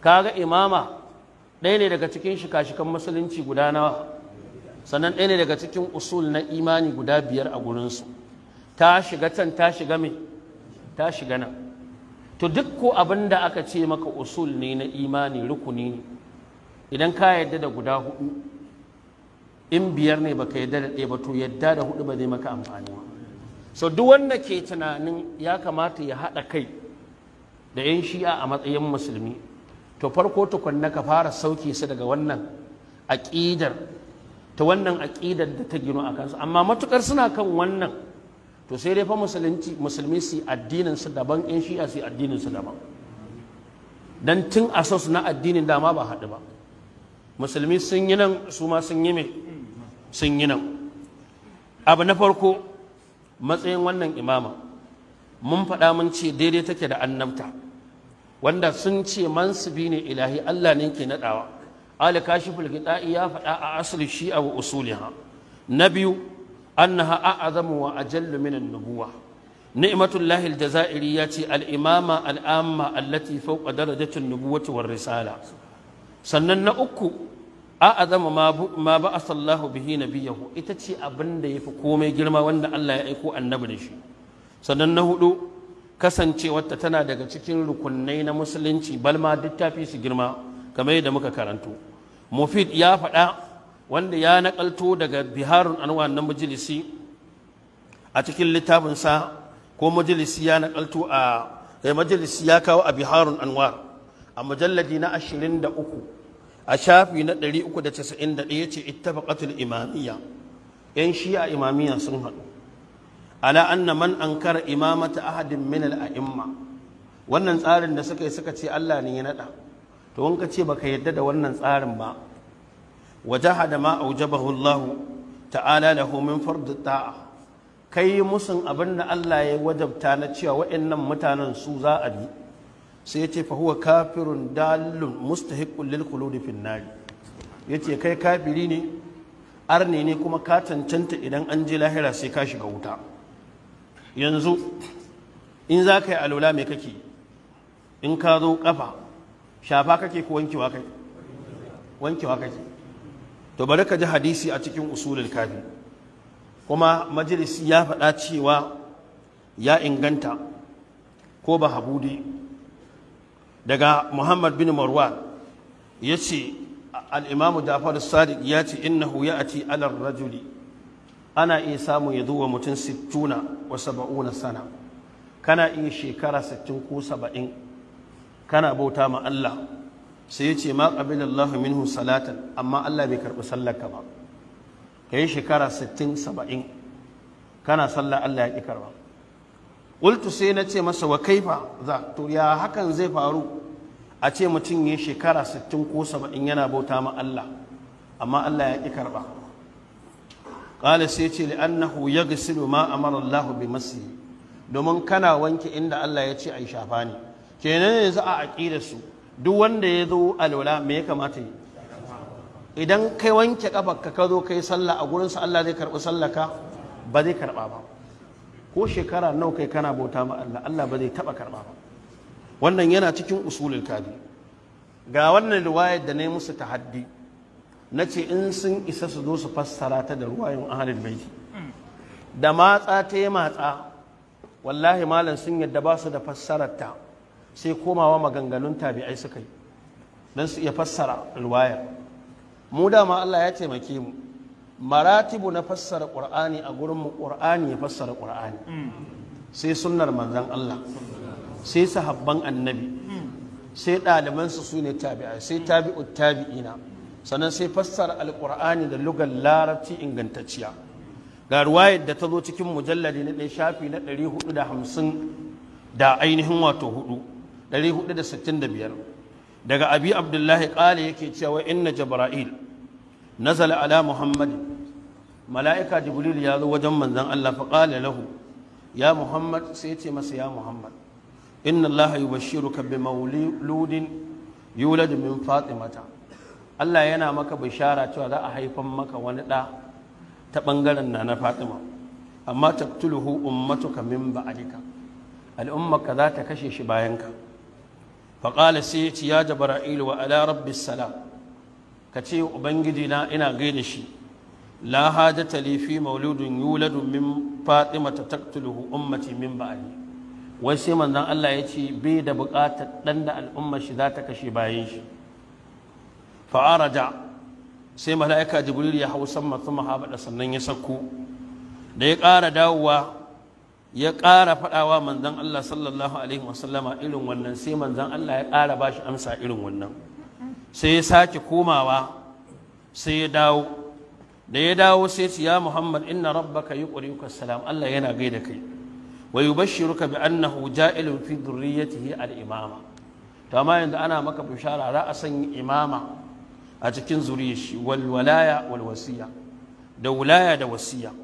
kaga imama ɗaya ne daga cikin shika-shikan musulunci guda nawa sannan ɗaya ne daga cikin usul na imani guda biyar a gurinsu ta shiga can ta shiga mai ta shiga nan to duk ko abin da aka ce maka usul ne na imani rukuni ne idan ka yarda da guda hudu in biyar ne baka yadda da ɗaya ba to yadda da hudu ba zai maka amfani ba so duk wanda ke tunanin ya kamata ya haɗa kai da 'yan shi'a a matsayin musulmi to farko tukunna ka fara sauke su daga wannan aƙidar ta wannan aƙidar da ta gino a kansu amma matukar suna kan wannan to sai dai fa musulunci musulmi su addinin su daban 'yan shi'a su addinin su daban dan tun asos na addinin dama ba haɗu ba musulmi sun yi nan su ma sun yi mai sun yi nan abu na farko matsayin wannan imama mun faɗa mun ce daidai take da annabta wanda sun ce mansubi ne ilahi Allah ne ke naɗawa ali kashiful gida'i ya faɗa a asali shi abu usuliha na biyu annaha a'azamu wa ajallu min an-nubuwa ni'matullahi al-jazairi ya ce al-imama al-amma allati fawqa darajati an-nubuwati war-risala sannan na uku a zama ma ba'a sallahu bihi nabiyahu ita ce abin da yafi komai girma wanda Allah ya aiko annabi da shi sannan na hudu kasancewarta tana daga cikin rukunai na musulunci balma duk tafi su girma kamar yadda muka karanto mufid ya faɗa wanda ya nakalto daga biharun anwar na majalisi a cikin littafinsa ko majalisi ya nakalto a eh, majalisi ya kawo a biharun anwar a mujalladi na ashirin da uku a shafi na da ya ce ittafaqatul imamiya. yan shi'a imamiya sun haɗu A anna man ankara imamata ahadin min aimma wannan tsarin da suka yi suka ce Allah ne ya nada to in ka ce baka yadda da wannan tsarin ba wajahada ma aujabahu Allah ta'ala lahu min fard ta'a kai musun abin da Allah ya wajabta na cewa waɗannan mutanen su za a bi sai ya ce fahuwa kafirun dalun mustahiqqun lilkulu da finnari ya yace kai kafiri ne arne ne kuma ka cancanta idan an je lahira sai ka shiga wuta yanzu in za ka yi alula mai kake in ka zo kafa shafa kake ko wankewa kake wankewa kake to bari ka ji hadisi a cikin usulul kafi kuma majalisi ya faɗa cewa ya inganta ko ba habudi daga muhammad bin marwan ya ce al'imamu jafar sadiq ya ce innahu ya ati alar rajuli ana iya samun ya zuwa mutum sittuna wa saba'una sana kana iya shekara sittin ko saba'in kana bauta ma Allah sai ya ce ma ƙabilallahu minhu salatan amma Allah bai karɓi sallaka ba ka yi shekara sittin saba'in kana sallar Allah ya ƙi karɓa ƙultu sai na ce masa wa kaifa za to ya hakan zai faru a ce mutum ya shekara 60 ko 70 yana bauta ma Allah amma Allah ya ki karba ƙala sai ce li annahu yaghsilu ma amara Allah bi yi. domin kana wanke inda Allah ya ce yi shafa ne kenan yanzu a aqidar su duk wanda ya zo alwala me ya kamata yi idan kai wanke ƙafarka ka zo kai sallah a gurinsa Allah zai karɓi sallaka ba zai karɓa ba ko shekara nawa kai kana bauta ma Allah Allah ba zai taba karba ba wannan yana cikin usulul kadi. ga wannan riwayar da na yi musu tahaddi na ce in sun isa su zo su fassara ta da ruwayin ahalin baiti da matsa ta yi matsa wallahi malam sun yadda ba su da fassararta sai komawa maganganun tabi'ai suka yi don su iya fassara riwayar mu dama Allah ya taimake mu maratibu na fassara ƙur'ani a gurinmu ƙur'ani ya fassara ƙur'ani sai sunnar manzan Allah sai sahabban annabi sai ɗalibansu su ne tabi'a sai tabi'u tabi'ina sannan sai fassara alƙur'ani da lugar larabci ingantacciya ga ruwayar da ta zo cikin mujalladi na ɗaya shafi na ɗari hudu da hamsin da ainihin wato hudu ɗari hudu da sittin da biyar daga abi abdullahi ƙale yake cewa inna jabra'il نزل على محمد ملائكة جبريل يا ذو وجم من ذن الله فقال له يا محمد سيتي مس يا محمد إن الله يبشرك بمولود يولد من فاطمة الله ينا مك بشارة هذا أحيفم مك وندا تبنغلنا أنا فاطمة أما تقتله أمتك من بعدك الأمة كذا تكشش باينك فقال سيتي يا جبرائيل وعلى رب السلام ka ce ubangiji na ina gaida shi la hajata li fi mauludun yuladu min fatima taqtuluhu ummati min ba'di wai sai manzon Allah ya ce bai da buƙatar dan da al'umma shi za ta kashe bayan shi fa'araja sai mala'ika jibril ya hau sama thumma habada sannan ya sako da ya ƙara dawowa ya ƙara faɗawa manzan Allah sallallahu Alaihi wasallama irin wannan sai manzan Allah ya ƙara ba shi amsa irin wannan sai ya sake komawa sai ya dawo da ya dawo sai ce ya muhammad inna rabbaka yuqriuka salam Allah yana gaida kai wa yubashshiruka bi annahu ja'ilun fi dhurriyyatihi al-imama to amma yanzu ana maka bishara za a sanya imama a cikin zuriyar shi wal walaya wal wasiya da wulaya da wasiya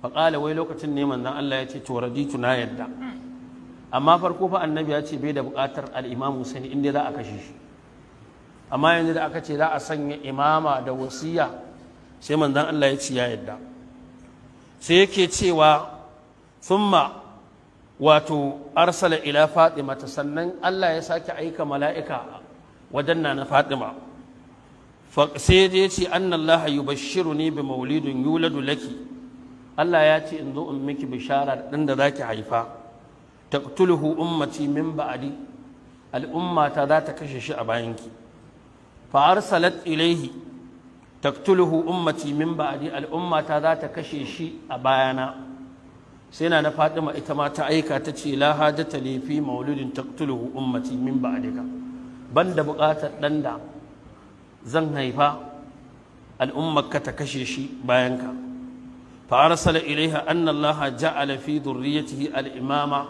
fa qala wai lokacin ne manzon Allah ya ce to raditu na yadda amma farko fa annabi ya ce bai da buƙatar al-imamu sani inda za a kashe shi amma yanzu da aka ce za a sanya imama da wasiya sai manzon Allah ya ci ya yadda sai yake cewa thumma wato arsala ila fatima ta sannan Allah ya sake aika mala'ika wajen na fatima sai dai ya ce bashiru ne bi maulidin yuladu laki Allah ya ce in zo in miki bishara da ɗan da zaki haifa taqtuluhu ummati min ba'adi al'umma ta za ta kashe shi a bayanki fa arsalat ilaihi taktuluhu ummati min ba'di al'umma ta za ta kashe shi a bayana sai na na Fatima ita ma ta aika ta ce la hajata li fi mauludin taktuluhu ummati min ba'dika banda buƙatar ɗan da zan haifa al'ummarka ta kashe shi bayanka fa arsala ilaiha anna Allah ja'ala fi dhurriyyatihi al-imama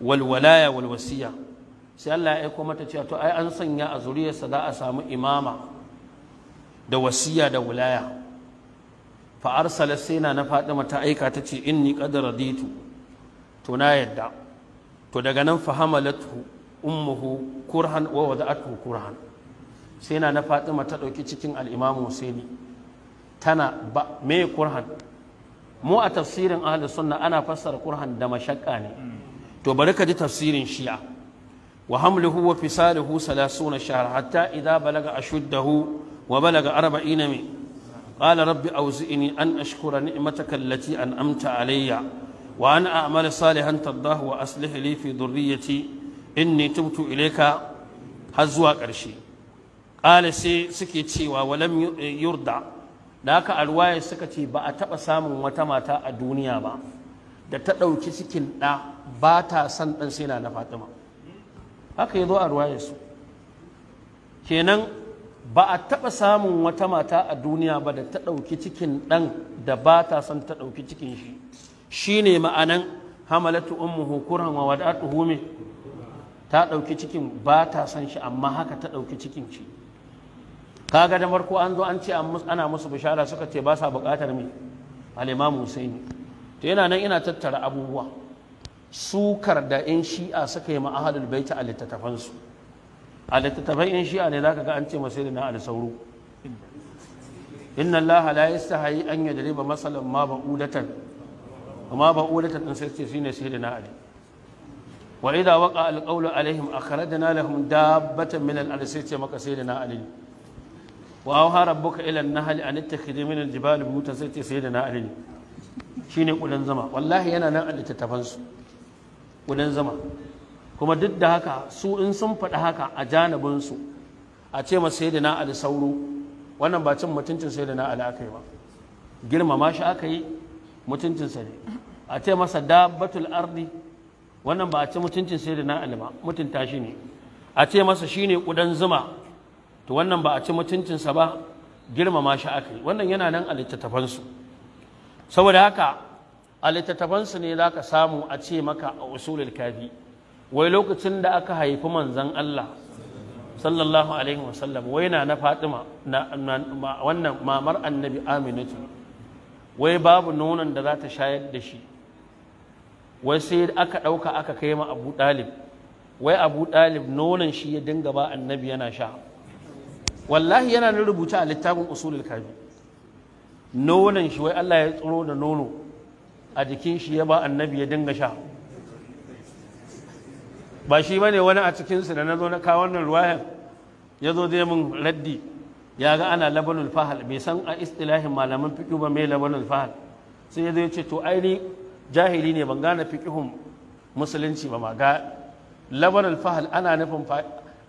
wal walaya wal wasiyya sai Allah ya aiko mata cewa to ai an sanya a zuriyarsa za a samu imama da wasiya da wulaya fa arsala sai na na Fatima ta aika ta ce inni qad raditu to na yadda to daga nan fa hamalatu ummuhu kurhan wa wada'atu kurhan sai na na Fatima ta dauki cikin al-Imam Husaini tana ba me kurhan mu a tafsirin ahlus sunna ana fassara kurhan da mashakka ne to bari ka ji tafsirin shi'a wa hamluhu wa fisaluhu salasuna shahar hatta idza balaga ashuddahu wa balaga arba'ina min qala rabbi awzi'ni an ashkura ni'mataka allati an'amta alayya wa an a'mala salihan tardahu wa aslih li fi dhurriyyati inni tubtu ilayka har zuwa ƙarshe qala sai suke cewa walam yurda da haka alwaye suka ce ba a taɓa samun wata mata a duniya ba da ta ɗauki cikin ɗa ba ta son ɗan sai na na fatima haka ya zo a ruwa su kenan ba a taɓa samun wata mata a duniya ba da ta ɗauki cikin ɗan da ba ta son ta ɗauki cikin shi shi ne ma'anan hamalatu ummuhu hukuran wa wada'atuhu ta ɗauki cikin ba ta son shi amma haka ta ɗauki cikin shi kaga da farko an zo an ce ana musu bishara suka ce ba sa buƙatar me al'imamu sai Husaini to yana nan ina tattara abubuwa sukar da 'yan shi'a suka yi ma'ahalul baita a littattafansu a littattafan 'yan shi'a ne za ka ga an ce masu na alisauro inna allaha la yastahi an yadriba masalan ma ba'udatan ma ba'udatan din sai ce shine na ali wa idha waqa alqawlu alaihim akhrajna lahum dabbatan min al-ard sai ce maka sai na ali wa awha rabbuka ila an-nahl an ittakhidha min al-jibali buyutan sai ce sai sayyidina ali shine kudan zama wallahi yana nan a littattafan su gudan zama kuma duk da haka su in sun faɗi haka a janabinsu a ce ma sai da na ali sauro wannan ba cin mutuncin sai da na ali aka yi ba girmama shi aka yi mutuncinsa ne a ce masa dabbatul ardi wannan ba a ci mutuncin sai da na ali ba mutunta shi ne a ce masa shi ne kudan zuma to wannan ba a ci mutuncinsa ba girmama shi aka yi wannan yana nan a littattafansu saboda haka a littattafansu ne za ka samu a ce maka a usulul kafi wai lokacin da aka haifi manzan Allah sallallahu alaihi wasallam wai na na Fatima wannan mamar annabi Aminatu wai babu nonon da za ta shayar da shi wai sai aka ɗauka aka kai ma Abu ɗalib. wai Abu ɗalib nonon shi ya dinga ba annabi yana sha wallahi yana rubuta a littafin usulul kafi nonon shi wai Allah ya tsoro da nono a jikin shi ya ba annabi ya dinga sha ba shi bane wani a cikin su da na zo na kawo wannan ruwayan ya zo zai min raddi ya ga ana labanul fahal bai san a istilahin malaman fiƙi ba mai labanul fahal sai ya zo ya ce to aini jahili ne ban gane fiƙihun musulunci ba ma ga labanul fahal ana nufin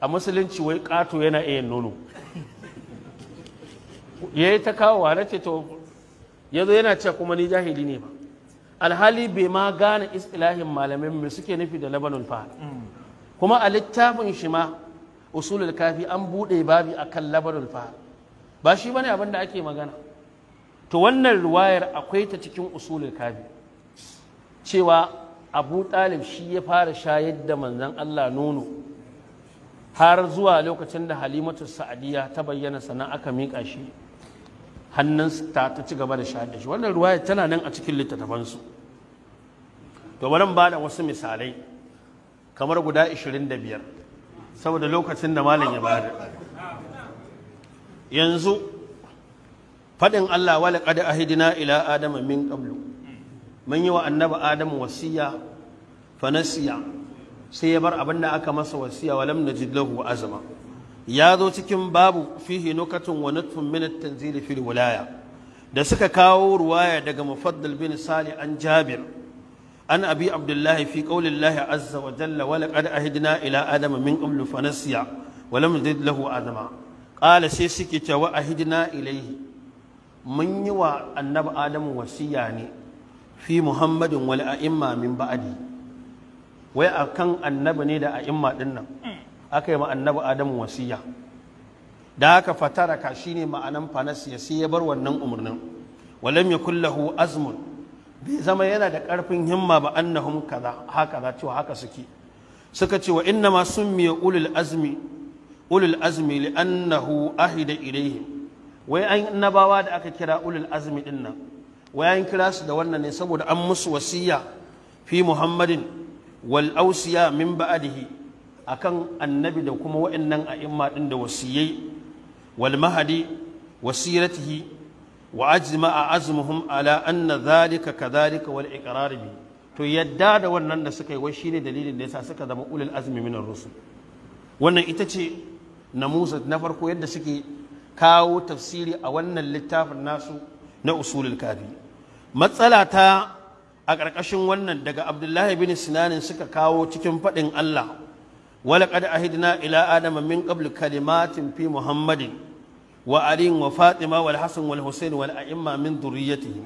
a musulunci wai ƙato yana iya nono ya yi ta kawowa na ce to ya zo yana cewa kuma ni jahili ne ba alhali bai ma gane istilahin malamai mai suke nufi da labanul fahad kuma a littafin shi ma usulul kafi an buɗe babi akan labanul fahad ba shi bane abin da ake magana to wannan ruwayar akwai ta cikin usulul kafi cewa abu ɗalib shi ya fara shayar da manzan Allah nono har zuwa lokacin da halimatu sa'adiyya ta bayyana sana aka miƙa shi hannun ta ci gaba da shayar wannan ruwaya tana nan a cikin littattafansu to bari ba da wasu misalai kamar guda 25 saboda lokacin da malam ya bada yanzu faɗin Allah wala a ahidna ila adama min qablu mun yi wa annabi adam wasiya fa sai ya bar abin da aka masa wasiya walam najid lahu azama ya zo cikin babu fihi nukatun wa nutfun min at-tanzil fil wilaya da suka kawo ruwaya daga mufaddal bin sali an jabir an abi abdullahi fi qaulillahi azza wa jalla wa laqad ahidna ila adama min qablu fanasiya wa lam nazid lahu adama qala sai suke cewa ahidna ilayhi mun yi wa annabi adamu wasiya ne fi muhammadin wal a'imma min ba'di wai akan annabi ne da a'imma dinnan aka yi ma annabi adamu wasiya da haka fataraka shine ma'anan fanasiya sai ya bar wannan umarnin walam yakul lahu azmun bai zama yana da ƙarfin himma ba annahum kaza haka za cewa haka suke suka ce wa inna ma summiya ulul azmi ulul azmi li'annahu ahida ilaihim wai an annabawa da aka kira ulul azmi din nan wai an kira su da wannan ne saboda an musu wasiya fi muhammadin wal ausiya min ba'dihi akan annabi da kuma wa'annan a'imma din da wasiyai wal mahadi wasiratihi wa ajma'a azmuhum ala anna dhalika kadhalika wal iqrar bi to yadda da wannan da suka yi wai shine dalilin da yasa suka zama ulul azmi min ar wannan ita ce namusa na farko yadda suke kawo tafsiri a wannan littafin nasu na usulul kafi matsala ta a ƙarƙashin wannan daga abdullahi bin sinanin suka kawo cikin faɗin allah walaƙad ahidna ila adama min qabl kalimatin fi muhammadin وعلي وفاطمة والحسن والحسين والأئمة من ذريتهم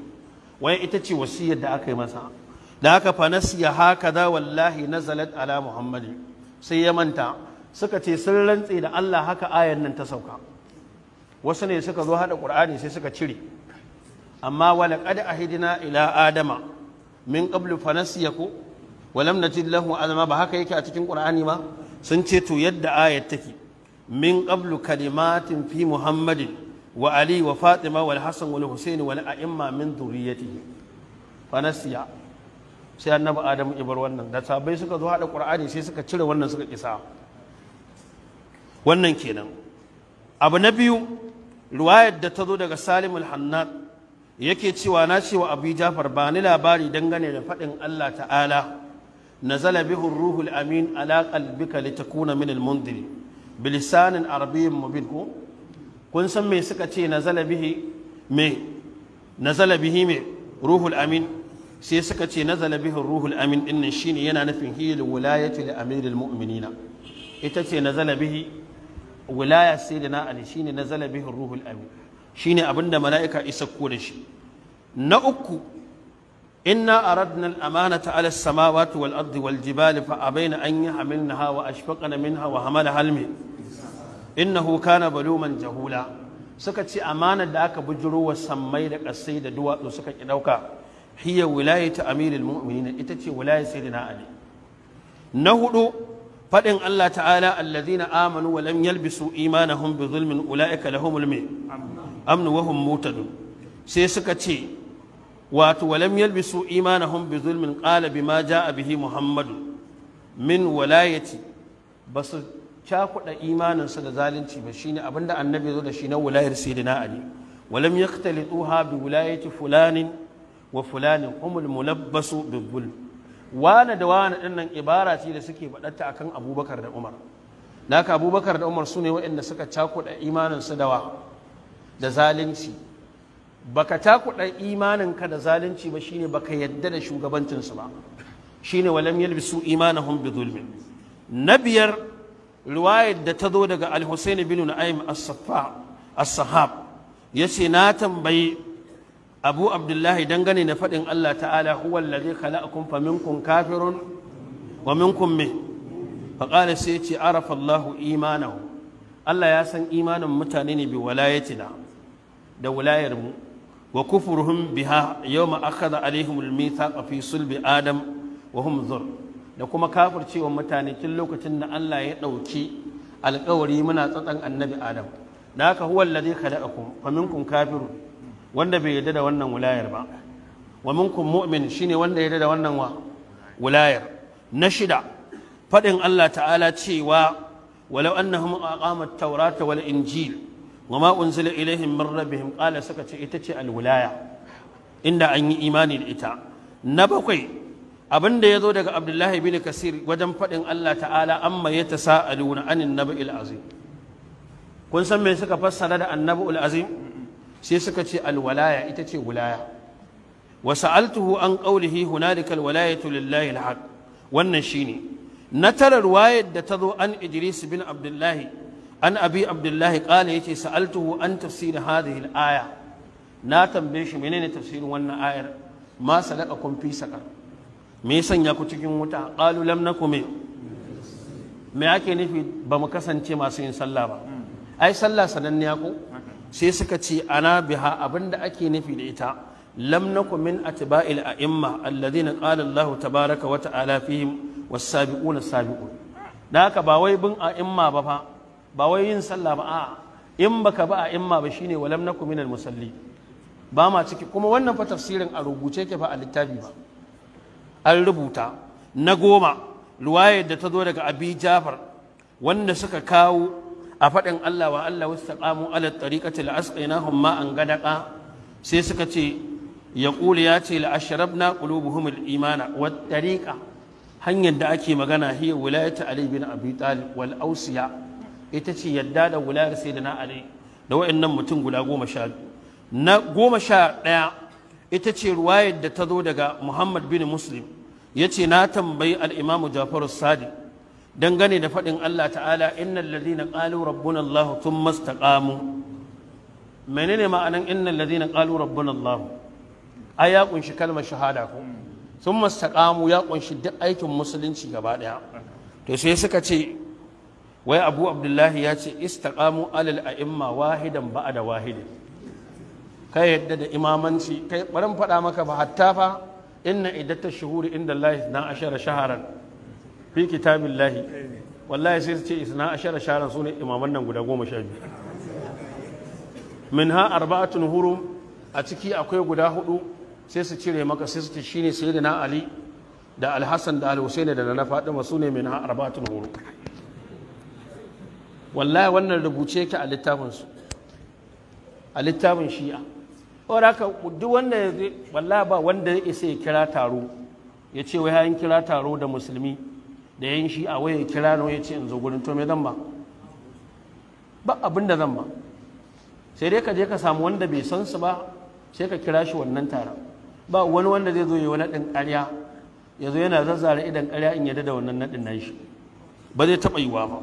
وهي إتتي وصية دعاك مساء دعاك فنسي هكذا والله نزلت على محمد سيمنتا سكتي سلن إلى الله هكا آية ننتسوكا وسنة سكتوا هذا القرآن سكت شري أما ولقد أهدنا إلى آدم من قبل فنسيكو ولم نجد له أدما بهكا يكي أتكين قرآني ما سنتي تو يد آية تكي min qablu kalimatin fi muhammadin wa ali wa fatima wal hasan wal husaini wal a'imma min dhurriyyatihi fa nasiya sai annabi adamu ibar wannan da sabai suka zo hada qur'ani sai suka cire wannan suka kisa wannan kenan abu na biyu riwayar da ta zo daga salim al-hannad yake cewa na cewa abu jafar ba ni labari dangane da fadin Allah ta'ala nazala bihi ruhul amin ala qalbika litakuna min al-mundiri bilisanin arabiyyin mubin ko kun san me suka ce nazala bihi me bihi me ruhul amin sai suka ce nazala bihi ruhul amin din nan shine yana nufin hiyal wilayati li amiril mu'minina ita ce nazala bihi da na ali shine nazala bihi ruhul amin shine abinda mala'ika isa ko da shi na uku إنا أردنا الأمانة على السماوات والأرض والجبال فأبين أن يحملنها وأشفقن منها وحملها المين إنه كان بلوما جهولا سكت أمانة داك بجرو وسميلك السيد دواء سكت إدوكا هي ولاية أمير المؤمنين إتتي ولاية سيدنا علي نهدو فإن الله تعالى الذين آمنوا ولم يلبسوا إيمانهم بظلم أولئك لهم المين أمن وهم موتدون سيسكتي wato walam yalbisu imanahum bi zulmin qala bima jaa bihi muhammadu min walayati basu cakuɗa imaninsu da zalunci ba shine abinda annabi zo da shi na walayar sayyidina ali walam yaktalituha bi wulayati fulanin wa fulanin humul mulabbasu bi zulm wane da wane ɗin nan ibara ce da suke baɗatta akan abubakar da umar naka abubakar da umar su ne waɗanda suka cakuɗa imaninsu dawa da zalunci baka takuɗa imaninka da zalunci ba shine baka yadda da shugabancinsu ba shine walam yalbisu imanahum bi zulmin na biyar riwayar da ta zo daga al-Husayn bin Nu'aym as-Saffa as-Sahab yace na tambayi Abu Abdullahi dangane na faɗin Allah ta'ala huwa alladhi khalaqakum faminkum kafirun wa minkum me fa sai yace arafa Allah imanahu Allah ya san imanin mutane ne bi walayatina da wulayar mu wa kufurhum biha yawma akhadha alaihim almithaqa fi sulbi adam wa hum da kuma kafircewa mutane tun lokacin da Allah ya ɗauki alƙawari muna tsatsan annabi adam da haka huwa alladhi khalaqakum fa minkum kafirun wanda bai yarda da wannan wulayar ba wa minkum mu'min shine wanda yarda da wannan wa wulayar na shida faɗin Allah ta'ala cewa walau annahum aqamat tawrata wal injil wama unzila ilaihim min rabbihim qala suka ce ita ce alwilaya inda an yi imani da ita na bakwai abin da ya zo daga abdullahi bin kasir wajen faɗin allah ta'ala amma ya tasa'aluna anin nabi'il azim kun san me suka fassara da annabi'ul azim sai suka ce alwalaya ita ce wilaya wa sa'altuhu an qawlihi hunalika alwalayatu lillahi alhaq wannan shine na tarar wayar da ta zo an idris bin abdullahi an abi abdullahi ya yace sa'altuhu an tafsir hadhihi al na tambaye shi menene tafsirin wannan ayar ma kun fi sakar me ya sanya ku cikin wuta qalu lam nakum me ake nufi ba mu kasance masu yin sallah ba ai sallah sananniya ko sai suka ce ana biha abinda ake nufi da ita lam nakum min atba'il a'imma alladhina qala Allahu tabaraka wa ta'ala fihim was-sabiquna sabiqun da haka ba wai bin a'imma ba fa ba wai yin sallah ba a'a in baka ba a imma ba shine walam nakum minal musalli ba ma ciki kuma wannan fa tafsirin a rubuce ke fa a littafi ba an rubuta na goma ruwayar da ta zo daga abi jafar wanda suka kawo a faɗin Allah wa Allah wastaqamu ala tariqati la'asqinahum ma an gadaka sai suka ce ya ya ce la ashrabna qulubuhum al-imana wa tariqa hanyar da ake magana hiya wilayatu ali bin abi talib wal ausiya ita ce yadda da wulayar sayyidina ali da wayannan mutum guda goma sha na goma sha ɗaya ita ce ruwayar da ta zo daga muhammad bin muslim ya ce na tambayi al'imamu jafaru sadi dangane da faɗin allah ta'ala innal ladina qalu rabbuna allah thumma menene ma'anan inna ladina qalu rabbuna allah ai ya kunshi kalmar shahada ko thumma istaqamu ya ƙunshi duk aikin musulunci gaba ɗaya to sai suka ce wai abu abdullahi ya ce istaqamu alal a'imma wahidan da wahidin kai yadda da imamanci kai barin faɗa maka ba hatta fa inna iddatash shuhuri inda lahi na ashara shaharan fi kitabillahi wallahi sai su ce isna ashara shaharan ne imaman nan guda goma sha biyu minha arba'atun hurum a ciki akwai guda hudu sai su cire maka sai su ce shine sayyidina ali da alhassan da alhusaini da na ne sune ha arba'atun hurum wallahi wannan rubuce yake a littafin su a littafin shi'a saboda duk wanda wallahi ba wanda ya isa ya kira taro ya ce wai an kira taro da musulmi da yan shi'a wai ya kira no ya ce in zo gurin to me zan ba ba abin da zan ba sai dai ka je ka samu wanda bai san su ba sai ka kira shi wannan taron ba wani wanda zai zo yi wani ɗin ƙarya ya zo yana zazzara idan ƙarya in yadda da wannan naɗin nashi ba zai taɓa yiwa ba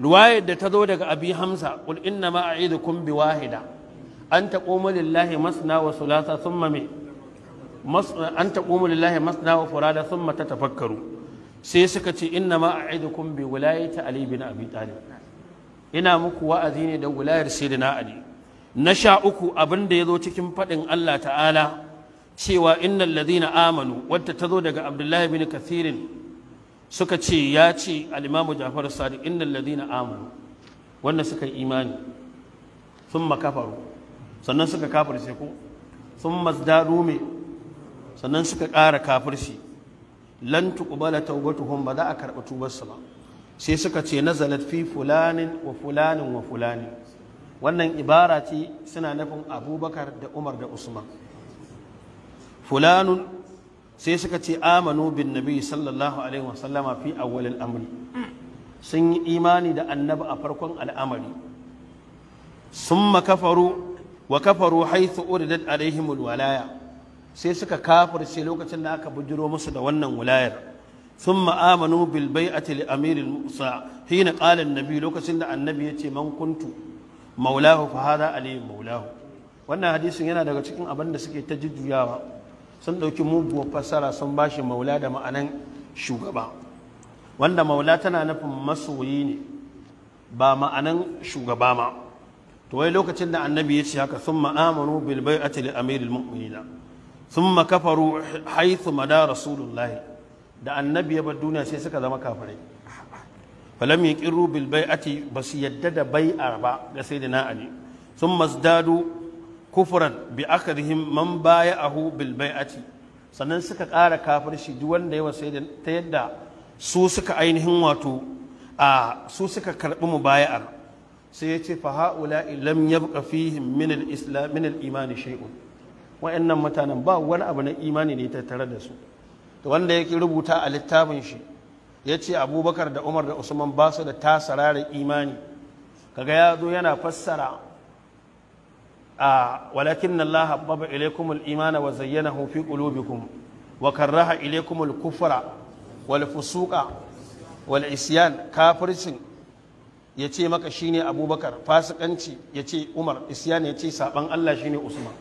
ruwayar da ta zo daga abi hamsa qul inna ma a'idukum bi wahida an taqumu lillahi masna wa thulatha thumma mi an taqumu lillahi masna wa furada thumma tatafakkaru sai suka ce inna ma a'idukum bi wilayati ali bin abi talib ina muku wa'azi ne da wilayar sayyidina ali na sha uku abin da ya zo cikin fadin Allah ta'ala cewa innal ladina amanu wadda ta zo daga abdullahi bin kathirin suka ce ya ce alimamu imamu Ja'far Sadiq innal ladina amanu wanda suka yi imani sun makafaru sannan suka kafirce ko sun mazdadu me sannan suka ƙara kafirci lan tuqbala tawbatuhum ba za a karɓi tubarsu ba sai suka ce nazalat fi fulanin wa fulanin wa fulani wannan ibara ce suna nufin abubakar da umar da usman fulanun sai suka ce amanu bin nabi sallallahu alaihi wasallama fi awwal sun yi imani da annabi a farkon al'amari summa kafaru wa kafaru haythu uridat alaihim sai suka kafirce lokacin da aka bujiro musu da wannan wulayar summa amanu bil bai'ati li amir al musa hina qala nabi lokacin da annabi yace man kuntu maulahu fa hada maulahu wannan hadisin yana daga cikin abin da suke ta jujjuyawa sun ɗauki muguwar fassara sun ba shi maula da ma'anan shugaba wanda maula tana nufin masoyi ne ba ma'anan shugaba ma to wai lokacin da annabi ya ce haka sun ma'amanu bil bai'ati li amiril mu'minina sun kafaru haithu mada rasulullahi da annabi ya bar duniya sai suka zama kafirai falam yaqiru bil bai'ati basu yadda da bai'a ba ga sayyidina ali sun mazdadu kufuran bi akadhihim man bay'ahu bil bai'ati sannan suka ƙara kafirci duk wanda yawa sai ta yadda su suka ainihin wato a su suka mu baya'ar. sai ya ce fa haula lam yabqa fihim min al islam min al iman shay'un wa'annan mutanen ba wani abu na imani ne tattare da su to wanda yake rubuta a littafin shi yace Abubakar da Umar da Usman ba su da tasararin imani kaga ya zo yana fassara walakin Allah habbaba ilaykum al-imana wa zayyanahu fi qulubikum wa karraha ilaykum al-kufra wal fusuqa wal isyan kafircin yace maka shine Abubakar fasikanci yace Umar isyan yace saban Allah shine Usman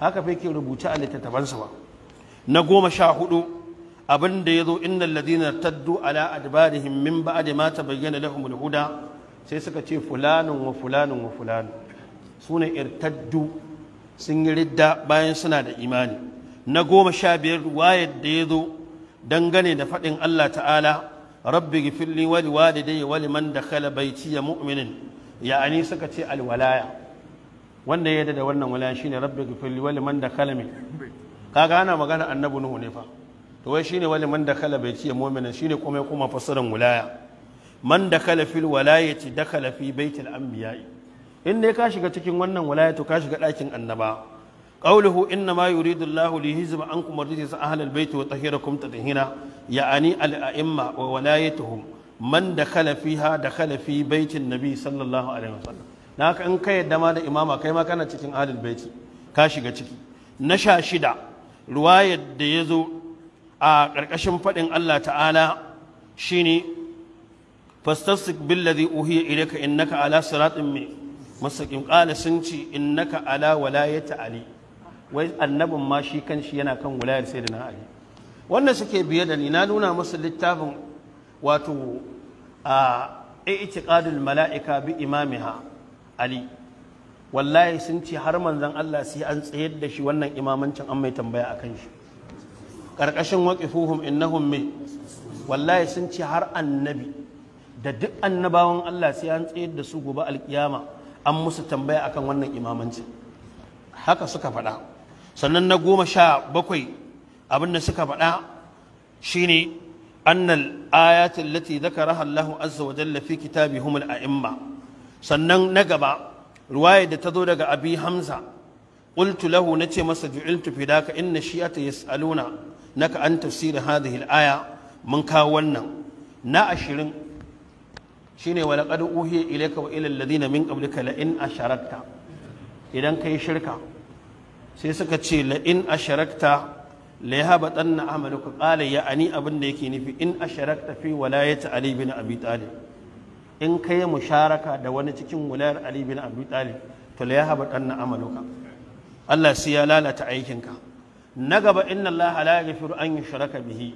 haka fa yake rubuta a littattafansa ba na goma sha hudu abin da ya zo innal ladina taddu ala adbarihim min ba'di ma tabayyana lahumul huda sai suka ce fulanin wa fulanin wa fulanin su ne irtaddu sun yi ridda bayan suna da imani na goma sha biyar wayar da ya zo dangane da faɗin Allah ta'ala rabbi gifirli wali walidai wali man da khala baiti ya mu'minin ya'ani suka ce alwalaya wanda ya da wannan walaya shine rabbi gifirli wali man da khala min kaga ana magana annabi nuhu ne fa to wai shine wali man da khala baiti ya mu'minin shine kuma kuma fasirin walaya man da khala fil walayati dakhala fi baitil anbiya'i in dai ka shiga cikin wannan walaya to ka shiga ɗakin annaba qawluhu inna ma yuridu Allahu li yuzhiba ankum rijsa ahlal baiti wa tahhirakum tatheera ya'ani al a'imma wa walayatuhum man dakhala fiha dakhala fi baitin nabi sallallahu alaihi wasallam na in ka yadda da imama kai ma kana cikin ahlul baiti ka shiga ciki na sha shida ruwayar da ya zo a ƙarƙashin faɗin Allah ta'ala shine fastasik billadhi uhiya ilayka innaka ala siratin mustaqim qala sun ci innaka ala walayati ali wai annabin ma shi kanshi yana kan wulayar na ali wannan suke biye da ni na nuna musu littafin wato a i'tiqadul mala'ika bi imamiha ali wallahi sun ci har manzon Allah sai an tsayar da shi wannan imamancin an mai tambaya akan shi ƙarƙashin waqifuhum innahum me wallahi sun ci har annabi da duk annabawan Allah sai an tsayar da su gobe alkiyama an musu tambaya akan wannan imamanci haka suka faɗa sannan na goma sha bakwai abin da suka faɗa shine annal ayatin lati zakaraha Allah azza wa jalla fi kitabihum al-a'imma sannan na gaba ruwaya da ta zo daga abi hamza qultu lahu nace masa ju'iltu fidaka inna shi'ata yas'aluna naka an tafsir hadhihi al-aya mun kawo wannan na ashirin shine wa laqad uhiya ilayka wa ila alladhina min qablika la in asharakta idan kai shirka sai suka ce la in asharakta la yahbatanna amaluka qala ya ani abin da yake nufi in asharakta fi walayati ali bin abi talib in kai musharaka da wani cikin wulayar ali bin abi talib to la yahbatanna amaluka Allah sai ya lalata aikinka na gaba inna Allah la yaghfiru an yushraka bihi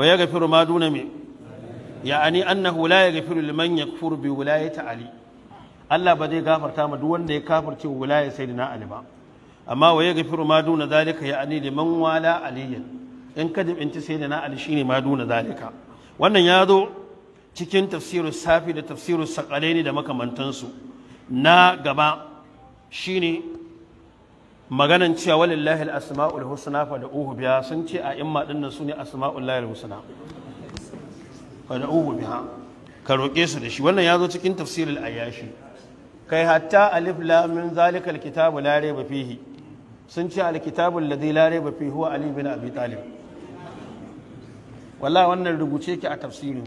wa yaghfiru ma duna min ya'ani annahu la yaghfiru liman yakfuru bi wilayati ali Allah ba zai gafarta ma duk wanda ya kafirce wilayar sayyidina ali ba amma wa yaghfiru ma duna zalika ya'ani liman wala aliyan in kadib in ta sayyidina ali shine ma duna zalika wannan ya zo cikin tafsirin safi da tafsirin sakalaini da makamantansu na gaba shine maganan cewa walillahi al-asma'ul husna fa da uhu sun ce a imma dinnan sune asma'ul lahil husna fada'uhu biha ka roƙe su da shi wannan ya zo cikin tafsirin ayyashi kai hatta alif lamin zalikal kitabu la raiba fihi sun ce alkitabul ladhi la raiba fihi huwa ali bin abi talib wallahi wannan rubuce ki a tafsirin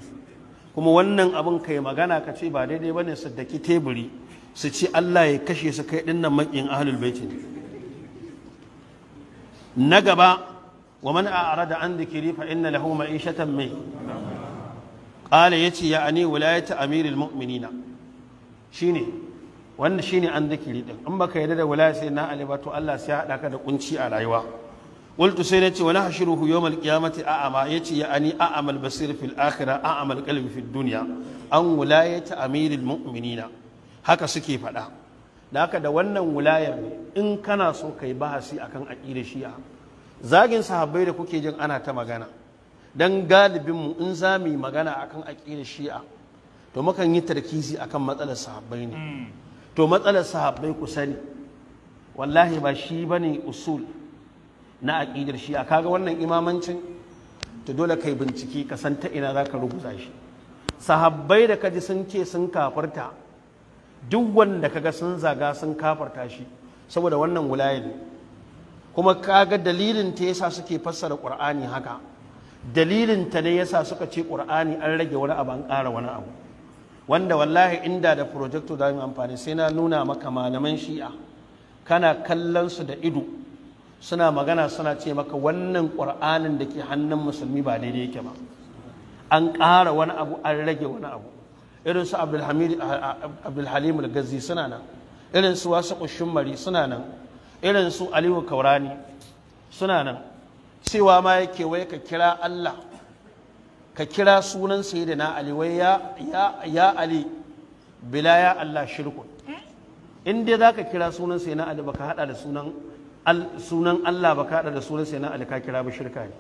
kuma wannan abin kai magana ka ce ba daidai bane su daki teburi su ce Allah ya kashe su kai dinnan makin ahlul baitin na gaba wa man a'rada an dhikri fa inna lahu ma'ishatan mai qala yace ya ani wilayatu amiril mu'minina shine wanda shine an zikiri din in baka yarda da wilaya sai na ali ba to Allah sa ya hada ka da kunci a rayuwa qultu sai nace wa nahshuruhu yawm alqiyamati a'ama yace ya ani a'amal basir fil akhirah a'amal qalbi fid duniya an wilayatu amiril mu'minina haka suke faɗa da haka da wannan wilayar in kana so kai bahasi akan aqidar shi'a zagin sahabbai da kuke jin ana ta magana Don galibinmu in za mu yi magana akan aƙidar shi'a to mukan yi tarkizi a kan matsalar sahabbai ne hmm. to matsalar sahabbai ku sani wallahi ba shi ne usul na aƙidar shi'a kaga wannan imamancin to dole kai bincike ka san ta ina zaka rubuta shi sahabbai da ka ji sun ce sun kafarta duk wanda kaga sun zaga sun kafarta shi saboda wannan wulayen kuma kaga dalilin ta yasa suke fassara Qur'ani haka dalilin ta ne yasa suka ce ƙur'ani an rage wani abu an ƙara wani abu wanda wallahi inda da projecto da mu amfani sai na nuna maka malaman shi'a kana kallon su da ido suna magana suna ce maka wannan ƙur'anin da ke hannun musulmi ba daidai yake ba an ƙara wani abu an rage wani abu irin su abdulhalim al-gazi suna nan irin su wasu ƙushin mari suna nan irin su aliyu kaurani suna nan cewa ma yake wai ka kira Allah ka kira sunan sayyidina Ali wai ya ya Ali bila ya Allah shirkun eh? in dai zaka kira sunan sayyidina Ali baka hada da sunan sunan Allah baka hada da sunan sayyidina Ali ka kira ba shirka ne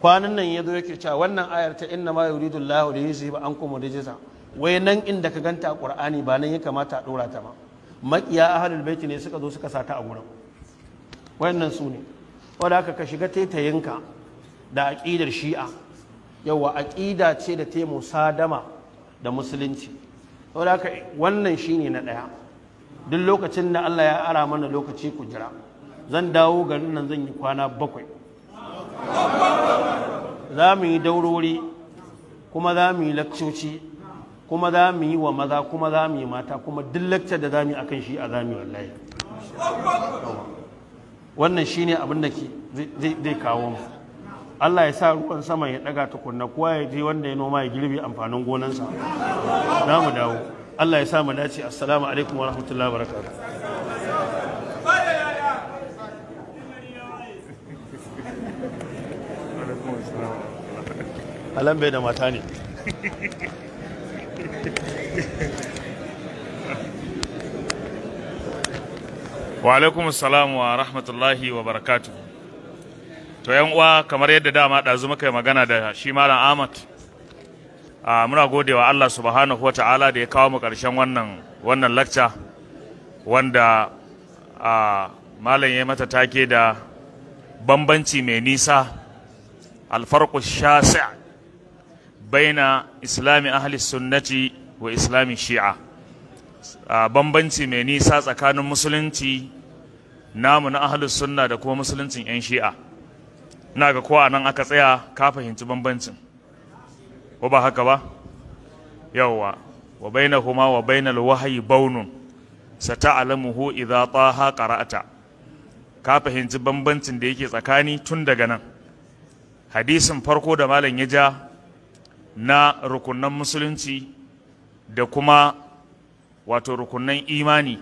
kwanan nan yazo yake cewa wannan ayar ta inna ma yuridu Allahu li yuzhiba ankum rijza wai nan inda ka ganta a Qur'ani ba nan ya kamata a dora ta ba maqiya ahlul bait ne suka zo suka sata a gurin wayannan su ne wadaka ka shiga taitayinka da aƙidar shi'a yawa aƙida ce da ta sadama da musulunci wadaka wannan wannan ne na ɗaya duk lokacin da Allah ya ara mana lokaci ku jira zan dawo garin nan zan yi kwana bakwai za mu yi daurori kuma za mu yi lakcoci kuma za mu yi wa maza kuma za mu yi mata kuma duk lakcar da za mu yi akan shi a za mu yi wallahi wannan shi abin da zai kawo mu Allah ya sa ruwan sama ya daga tukunna kuwa ya je wanda ya noma ya girbi amfanin gonansa za mu dawo Allah ya sa mu dace assalamu alaikum wa rahmatullahi wa Alam bai da mata ne wa alaikum wa rahmatullahi wa barakatu to yan uwa kamar yadda dama ɗazu muka yi magana da shi malam ahmad muna gode wa allah subhanahu wa ta'ala da ya kawo mu karshen wannan wannan lacca wanda malam ya mata take da bambanci mai nisa alfarku shasi baina islami ahli sunnati wa islami shi'a bambanci mai nisa tsakanin musulunci namu na ahalus sunna da kuma musuluncin 'yan shi'a na ga kowa nan aka tsaya ka fahimci bambancin ko ba haka ba yawwa wa huma wa bainal wahyi baunun sata'lamuhu idza taha qara'ata ka fahimci bambancin da yake tsakani tun daga nan hadisin farko da malam ya ja na rukunan musulunci da kuma wato rukunan imani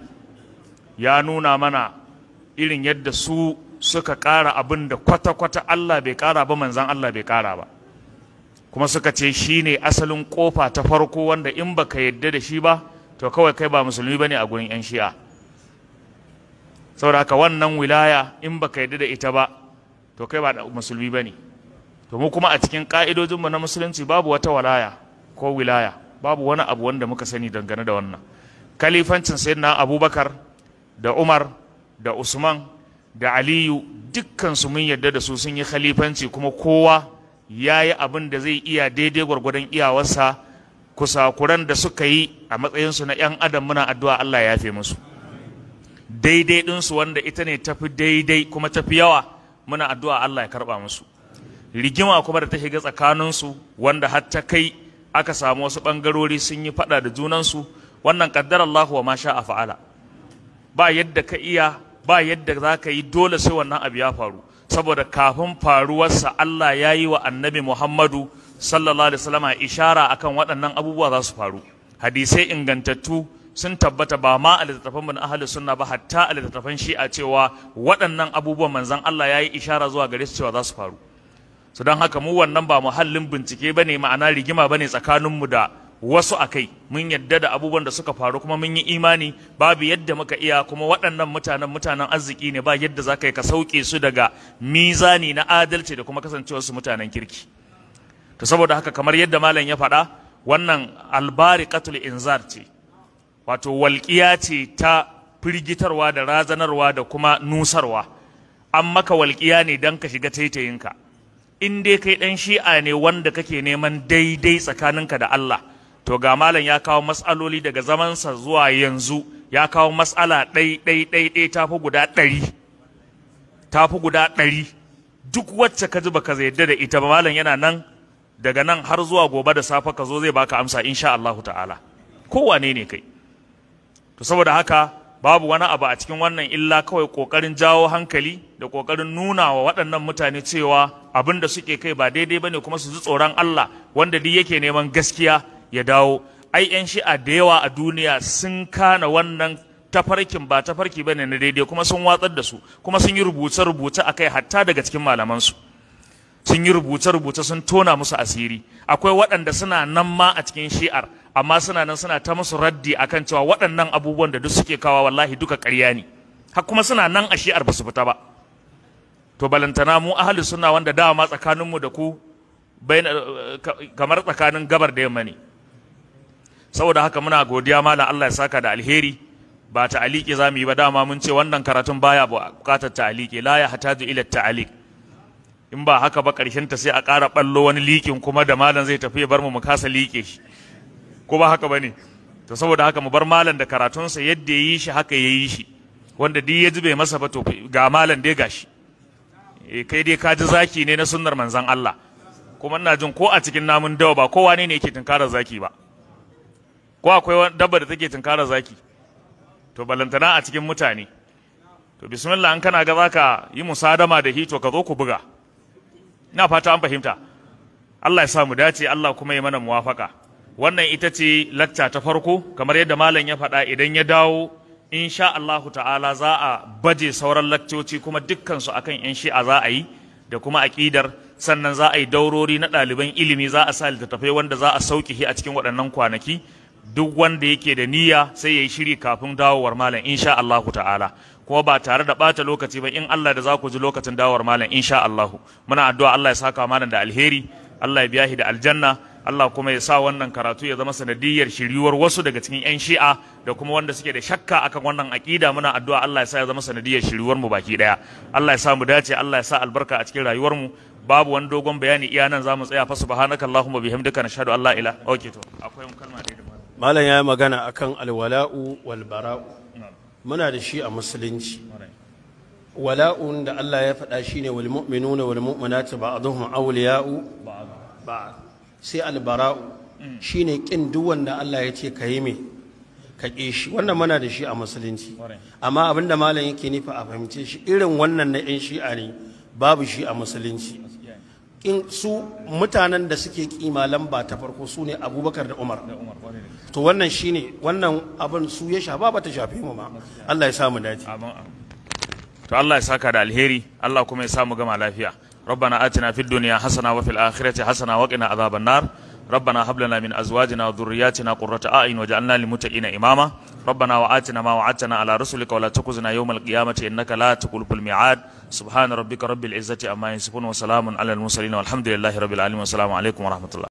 ya nuna mana irin yadda su suka ƙara abin da kwata-kwata Allah bai ƙara ba manzan Allah bai ƙara ba kuma suka ce shi ne asalin ƙofa ta farko wanda in ba ka yadda da shi ba to kawai kai ba musulmi ba ne a gurin 'yan shi'a saboda haka wannan wilaya in ba ka yadda da ita ba to kai ba musulmi ba ne to mu kuma a cikin ƙa'idojinmu na musulunci babu wata walaya ko wilaya babu wani abu wanda muka sani dangane da wannan kalifancin sayyidina abubakar da umar da usman da aliyu dukkansu mun yarda da su sun yi khalifanci kuma kowa ya yi abin da zai iya daidai gwargwadon iyawarsa kusakuran da suka yi a matsayinsu na 'yan adam muna addu'a Allah ya fi musu daidai ɗinsu wanda ita ne tafi daidai kuma tafi yawa muna addu'a Allah ya karɓa musu rigima kuma da ta shiga tsakaninsu wanda har ta kai aka samu wasu ɓangarori sun yi faɗa da junansu wannan ƙaddar Allah wa masha a fa'ala ba yadda ka iya ba yadda za ka yi dole sai wannan abu ya faru saboda kafin faruwarsa Allah ya yi wa annabi Muhammadu sallallahu alaihi wasallam ishara akan waɗannan abubuwa za su faru hadisai ingantattu sun tabbata ba ma a littattafan mun ahli sunna ba hatta a littattafan a cewa waɗannan abubuwan manzon Allah ya yi ishara zuwa gare su cewa za su faru so don haka mu wannan ba muhallin bincike bane ma'ana rigima bane mu da wasu a kai mun yadda da abubuwan da suka faru kuma mun yi imani babu yadda muka iya kuma waɗannan mutanen mutanen arziki ne ba yadda za ka yi ka sauke su daga mizani na adalci da kuma kasancewar su mutanen kirki to saboda haka kamar yadda malam ya faɗa wannan albarikatul inzar ce wato walƙiya ce ta firgitarwa da razanarwa da kuma nusarwa an maka walƙiya ne don ka shiga taitayinka in dai kai ɗan shi'a ne wanda kake neman daidai tsakaninka da Allah to ga malam ya kawo matsaloli daga zamansa zuwa yanzu ya kawo matsala ɗai ɗai ɗai ɗai ta fi guda ɗari ta fi guda ɗari duk wacce ka ji baka yarda da ita ba malam yana nan daga nan har zuwa gobe da safe ka zo zai baka amsa insha Allahu ta'ala kowane ne kai to saboda haka babu wani abu a cikin wannan illa kawai kokarin jawo hankali da kokarin nuna wa waɗannan mutane cewa abin da suke kai ba daidai bane kuma su ji tsoron Allah wanda duk yake neman gaskiya ya dawo ai yan shi'a da yawa a duniya sun kana wannan tafarkin ba tafarki ba ne na daidai kuma sun watsar da su kuma sun yi rubuce rubuce kai hatta daga cikin malaman su sun yi rubuce rubuce sun tona musu asiri akwai waɗanda suna nan ma a cikin shi'ar amma suna nan suna ta musu raddi akan cewa waɗannan abubuwan da duk suke kawa wallahi duka ƙarya ne har kuma suna nan a shi'ar ba su fita ba to balantana mu ahali suna wanda dama tsakaninmu da ku kamar tsakanin gabar da yamma ne saboda haka muna godiya malam Allah ya saka da alheri ba ta'aliki za mu yi ba dama mun ce wannan karatun baya buƙatar ta'aliki la ya hataju ila ta'alik in ba haka ba ƙarshen ta sai a ƙara ballo wani likin kuma da malam zai tafi ya bar mu mu kasa liƙe shi ko ba haka bane to saboda haka mu bar malam da sa yadda ya yi shi haka ya yi shi wanda duk ya zube masa ba to ga malam dai gashi e eh, kai dai ka ji zaki ne na sunnar manzon Allah kuma ina jin ko a cikin namun dawa ba kowa ne ne yake tunkarar zaki ba ko akwai dabba da take tunkara zaki to balantana a cikin mutane to bismillah an kana ga zaka yi musadama da hito ka zo ku buga na fata an fahimta Allah ya sa mu dace Allah kuma ya mana muwafaka wannan ita ce lacca ta farko kamar yadda malam ya faɗa idan ya dawo insha Allahu ta'ala za a baje sauran laccoci kuma dukkan su akan yan shi'a za a yi da kuma aƙidar sannan za a yi daurori na ɗaliban ilimi za a sa littattafai wanda za a sauƙi a cikin waɗannan kwanaki duk wanda yake da niyya sai ya yi shiri kafin dawowar malam insha Allahu ta'ala kuma ba tare da ɓata lokaci ba in Allah da za ku ji lokacin dawowar malam insha Allahu muna addu'a Allah ya saka malam da alheri Allah ya biya shi da aljanna Allah kuma ya sa wannan karatu ya zama sanadiyar shiriwar wasu daga cikin 'yan shi'a da kuma wanda suke da shakka akan wannan aƙida muna addu'a Allah ya sa ya zama sanadiyar shiriwar mu baki daya Allah ya sa mu dace Allah ya sa albarka a cikin rayuwar mu babu wani dogon bayani iya nan zamu tsaya fa subhanakallahumma bihamdika nashhadu an la ilaha okay to akwai kalma da malam ya yi magana a kan alwala'u walbara'u muna da shi a musulunci wala'un da Allah ya faɗa shi ne walmu'minu walmu'minatu walmu'mina ta ba a ba sai albara'u shine ƙin duk da Allah ya ce ka yi mai ka ƙi shi wannan muna da shi a musulunci amma abin da malam yake nufi a fahimce shi irin wannan na yan shi'a ne babu shi a musulunci in su mutanen da suke kima lamba ta farko su ne abubakar da umar to wannan shine wannan abin su ya shafa ba ta shafe mu ma Allah ya sa mu to Allah ya saka da alheri Allah kuma ya sa mu gama lafiya ربنا آتنا في الدنيا حسنة وفي الآخرة حسنة وقنا عذاب النار ربنا هب لنا من أزواجنا وذرياتنا قرة أعين وجعلنا للمتقين إماما ربنا وآتنا ما وعدتنا على رسلك ولا تخزنا يوم القيامة إنك لا تخلف الميعاد subhana rabbika rabbil izzati amma yasifun wa salamun alal mursalin walhamdulillahi rabbil alamin assalamu alaikum wa rahmatullah